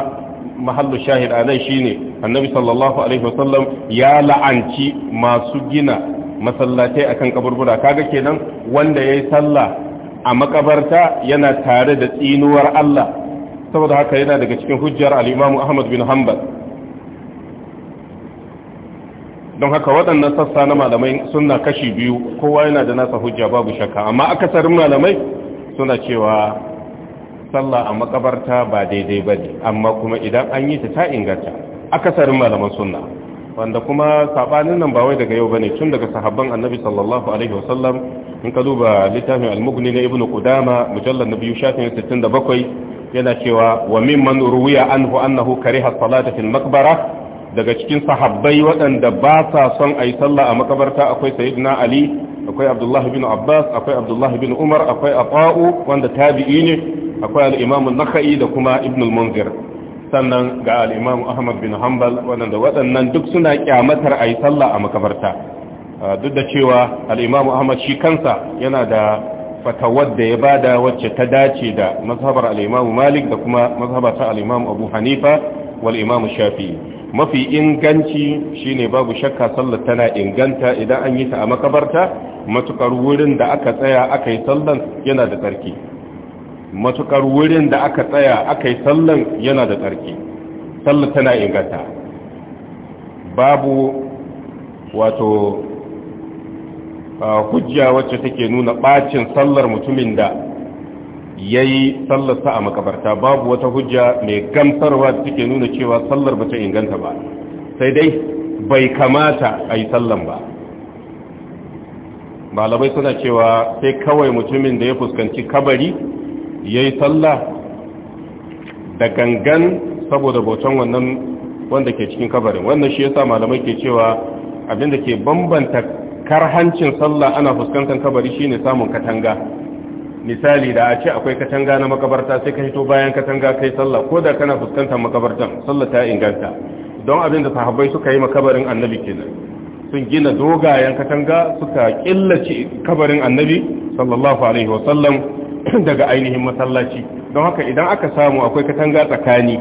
mahallu shahid alai shine annabi sallallahu alaihi wasallam ya la'anci masu gina masallatai akan kaburbura kaga kenan wanda yayi sallah a makabarta yana tare da tsinuwar Allah saboda haka yana daga cikin hujjar al'imamu ahmad bin hanbal don haka waɗannan sassa na malamai suna kashi biyu kowa yana da nasa hujja babu shakka amma akasarin malamai suna cewa sallah a makabarta ba daidai ba ne amma kuma idan an yi ta ta inganta akasarin malaman sunna wanda kuma saɓanin nan ba wai daga yau ba ne tun daga sahabban annabi sallallahu alaihi wasallam in ka duba littafin al na ibnu qudama mujallad na biyu shafin bakwai yana cewa wa man ruwiya anhu annahu kariha salata fil maqbara daga cikin sahabbai waɗanda ba sa son ayi sallah a makabarta akwai sayyidina ali akwai abdullahi bin abbas akwai abdullahi bin umar akwai ata'u wanda tabi'i ne akwai al-imam an-nakhai da kuma ibn al-munzir sannan ga al-imam ahmad bin hanbal waɗanda waɗannan duk suna kyamatar ayi sallah a makabarta Ah, duk da cewa al'imamu ahmad shi kansa yana da fatawar da ya bada wacce ta dace da mazhabar al'imamu malik da kuma mazhabar ta al'imamu abu hanifa wal imamu shafi mafi inganci shine babu shakka sallar tana inganta idan an yi ta a makabarta matukar wurin da aka tsaya aka yi sallan yana da tsarki matukar wurin da aka tsaya aka yi sallan yana da tsarki sallar tana inganta babu wato hujja wacce take nuna bacin sallar mutumin da ya yi sallarsa a makabarta babu wata hujja mai gamsarwa da take nuna cewa sallar ba ta inganta ba sai dai bai kamata a yi sallan ba malamai suna cewa sai kawai mutumin da ya fuskanci kabari ya yi sallah da gangan saboda bautan wannan wanda ke cikin kabarin wannan shi yasa malamai ke cewa abinda ke bambanta hancin sallah ana fuskantar kabari shine samun katanga misali da a ce akwai katanga na makabarta sai ka hito bayan katanga kai sallah ko da kana fuskantar makabartan sallah ta inganta don abin da sahabbai suka yi makabarin annabi kenan sun gina dogayen katanga suka killace kabarin annabi sallallahu alaihi wasallam daga ainihin masallaci don haka idan aka samu akwai katanga tsakani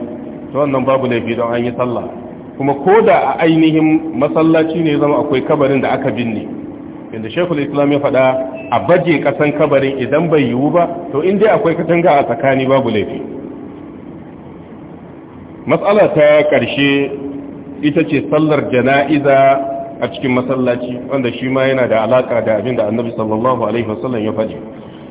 to wannan babu laifi don an yi sallah kuma ko da a ainihin masallaci ne zama akwai kabarin da aka binne inda shekul islam ya faɗa a baje kasan kabarin idan bai yiwu ba to in dai akwai katanga a tsakani babu laifi matsala ta karshe ita ce sallar jana'iza a cikin masallaci wanda shi ma yana da alaƙa da abin da annabi sallallahu alaihi wasallam ya faɗi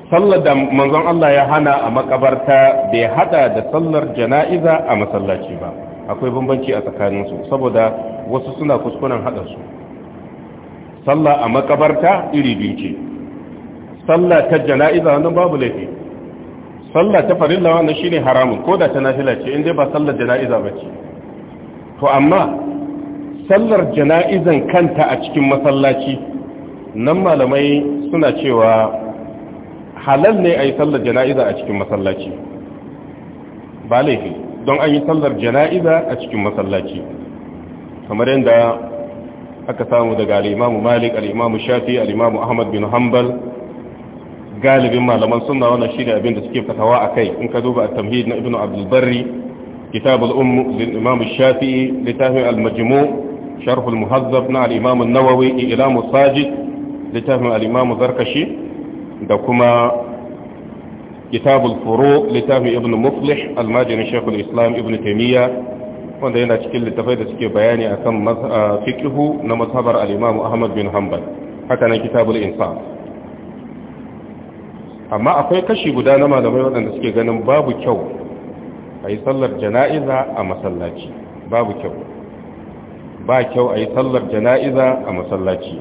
sallar da manzon Allah ya hana a makabarta bai hada da sallar jana'iza a masallaci ba akwai bambanci a tsakaninsu saboda wasu suna kuskuren haɗa su sallah a makabarta iri biyu ce sallah ta jana'iza wannan babu laifi sallah ta farilla wannan shine haramun ko da ta nafila ce in dai ba sallar jana'iza ba ce to amma sallar jana'izan kanta a cikin masallaci nan malamai suna cewa halal ne a yi sallar jana'iza a cikin masallaci ba laifi don an yi sallar jana'iza a cikin masallaci kamar yadda aka samu daga al'imamu malik al'imamu shafi al'imamu ahmad bin hanbal galibin malaman sunna wannan shi ne abin da suke fatawa a kai in ka duba a tamhid na ibn abdulbarri kitab al'ummu al'imamu shafi littafin al-majmu sharh muhazzab na al'imamu nawawi ilamu sajid littafin al'imamu zarkashi da kuma kitab al-furu ibn muflih almajirin shekul islam ibn taimiyya wanda yana cikin littafai da suke bayani akan fikihu na mazhabar al-imam bin hanbal haka nan kitabul insaf amma akwai kashi guda na malamai waɗanda suke ganin babu kyau a yi sallar jana'iza a masallaci babu kyau ba kyau a yi sallar jana'iza a masallaci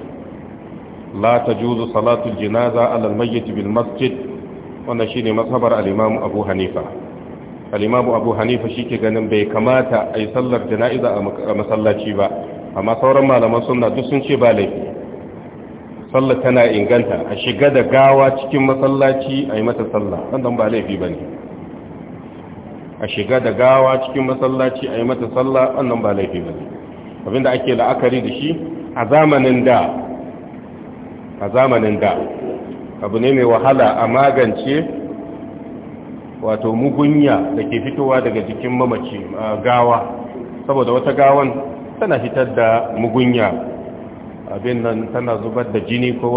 la ta salatul jinaza alal bil masjid wannan shine mazhabar al alimamu Abu Hanifa al’imamu Abu Hanifa ke ganin bai kamata yi sallar jana'iza a masallaci ba amma sauran malaman suna duk sun ce ba laifi sallar tana inganta a shiga da gawa cikin masallaci a yi mata salla wannan ba laifi ba ne a shiga da gawa cikin masallaci a yi mata salla wannan ba laifi ba ne abinda ake la'akari da shi a zamanin da a zamanin da abu ne mai wahala a magance wato mugunya da ke fitowa daga jikin mamaci gawa saboda wata gawan tana fitar da mugunya abin nan tana zubar da jini ko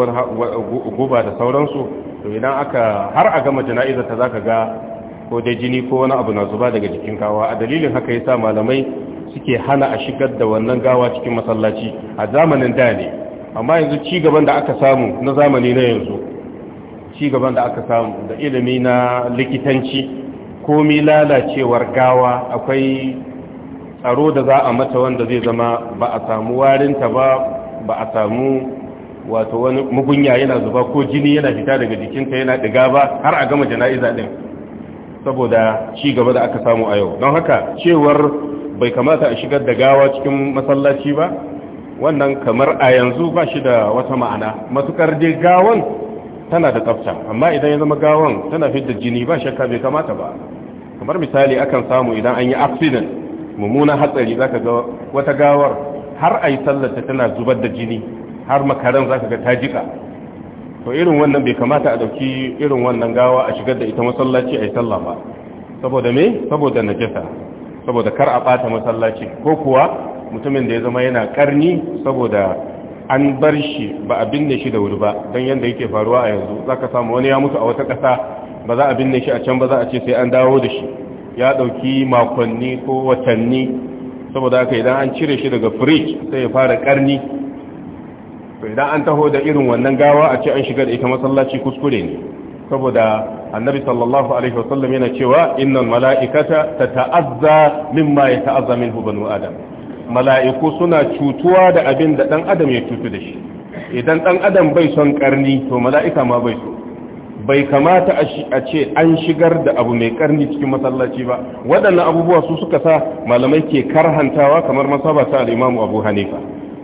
guba da sauransu to idan aka har a gama jana'izar ta zaka ga ko da jini ko wani abu na zuba daga jikin gawa a dalilin haka yasa malamai suke hana a shigar da wannan gawa cikin masallaci a zamanin da ne amma yanzu ci gaban da aka samu na zamani na yanzu ci gaban da aka samu da ilimi na likitanci komi lalacewar gawa akwai tsaro da za a mata wanda zai zama ba a samu warinta ba ba a samu wato wani mugunya yana zuba ko jini yana fita daga jikinta yana diga ba har a gama jana'iza din saboda ci gaba da aka samu a yau don haka cewar bai kamata a shigar da gawa cikin masallaci ba wannan kamar a yanzu ba shi da wata ma'ana matukar dai gawan tana da tsafta amma idan ya zama gawon tana fitar jini ba shakka bai kamata ba kamar misali akan samu idan an yi accident mummunan hatsari zaka ga wata gawar har ai sallata tana zubar da jini har makaran zaka ga ta jika to irin wannan bai kamata a dauki irin wannan gawa a shigar da ita masallaci ai sallah ba saboda me saboda najasa saboda kar a bata masallaci ko kuwa mutumin da ya zama yana karni saboda an bar shi ba a binne shi da wuri ba don yadda yake faruwa a yanzu za ka samu wani ya mutu a wata ƙasa ba za a binne shi a can ba za a ce sai an dawo da shi ya ɗauki makonni ko watanni saboda haka idan an cire shi daga firij sai ya fara ƙarni to idan an taho da irin wannan gawa a ce an shiga da ita masallaci kuskure ne saboda annabi sallallahu alaihi wasallam yana cewa innal mala'ikata tata'azza mimma yata'azza minhu banu adam mala'iku suna cutuwa da abin da ɗan adam ya cutu da shi idan ɗan adam bai son ƙarni to mala'ika ma bai so bai kamata a ce an shigar da abu mai ƙarni cikin masallaci ba waɗannan abubuwa su suka sa malamai ke karhantawa kamar masaba ta al'imamu abu hanifa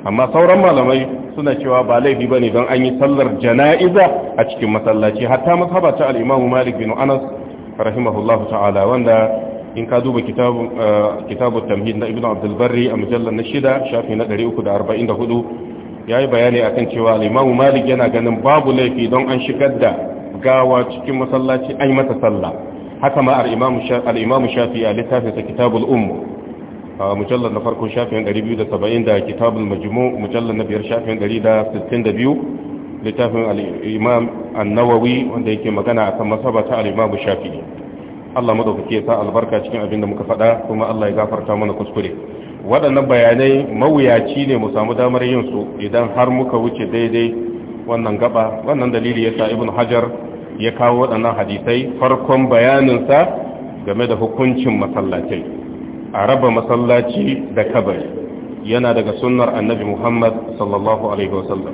amma sauran malamai suna cewa ba laifi ba ne don an yi sallar jana'iza a cikin masallaci hatta masaba ta al'imamu malik bin anas rahimahullahu ta'ala wanda in ka duba kitabu eh, tamhid na ibn abdulbari a mujallar na shida shafi na 344 ya yi bayani akan cewa limamu malik yana ganin babu laifi don an shigar da gawa cikin masallaci an yi mata sallah haka ma al'imamu shafi a littafinsa kitabul ummu a mujallar na farko shafin 270 da kitabul majmu mujallar na biyar shafin 162 littafin al'imam nawawi wanda yake magana a kan masaba ta al'imamu shafi. Allah madaukake ya sa albarka cikin abin da muka faɗa kuma Allah ya gafarta mana kuskure waɗannan bayanai mawuyaci ne mu samu damar yin su idan har muka wuce daidai wannan gaba wannan dalili yasa ibn hajar ya kawo waɗannan hadisai farkon bayaninsa game da hukuncin masallacai a raba masallaci da kabari yana daga sunnar annabi muhammad sallallahu alaihi wasallam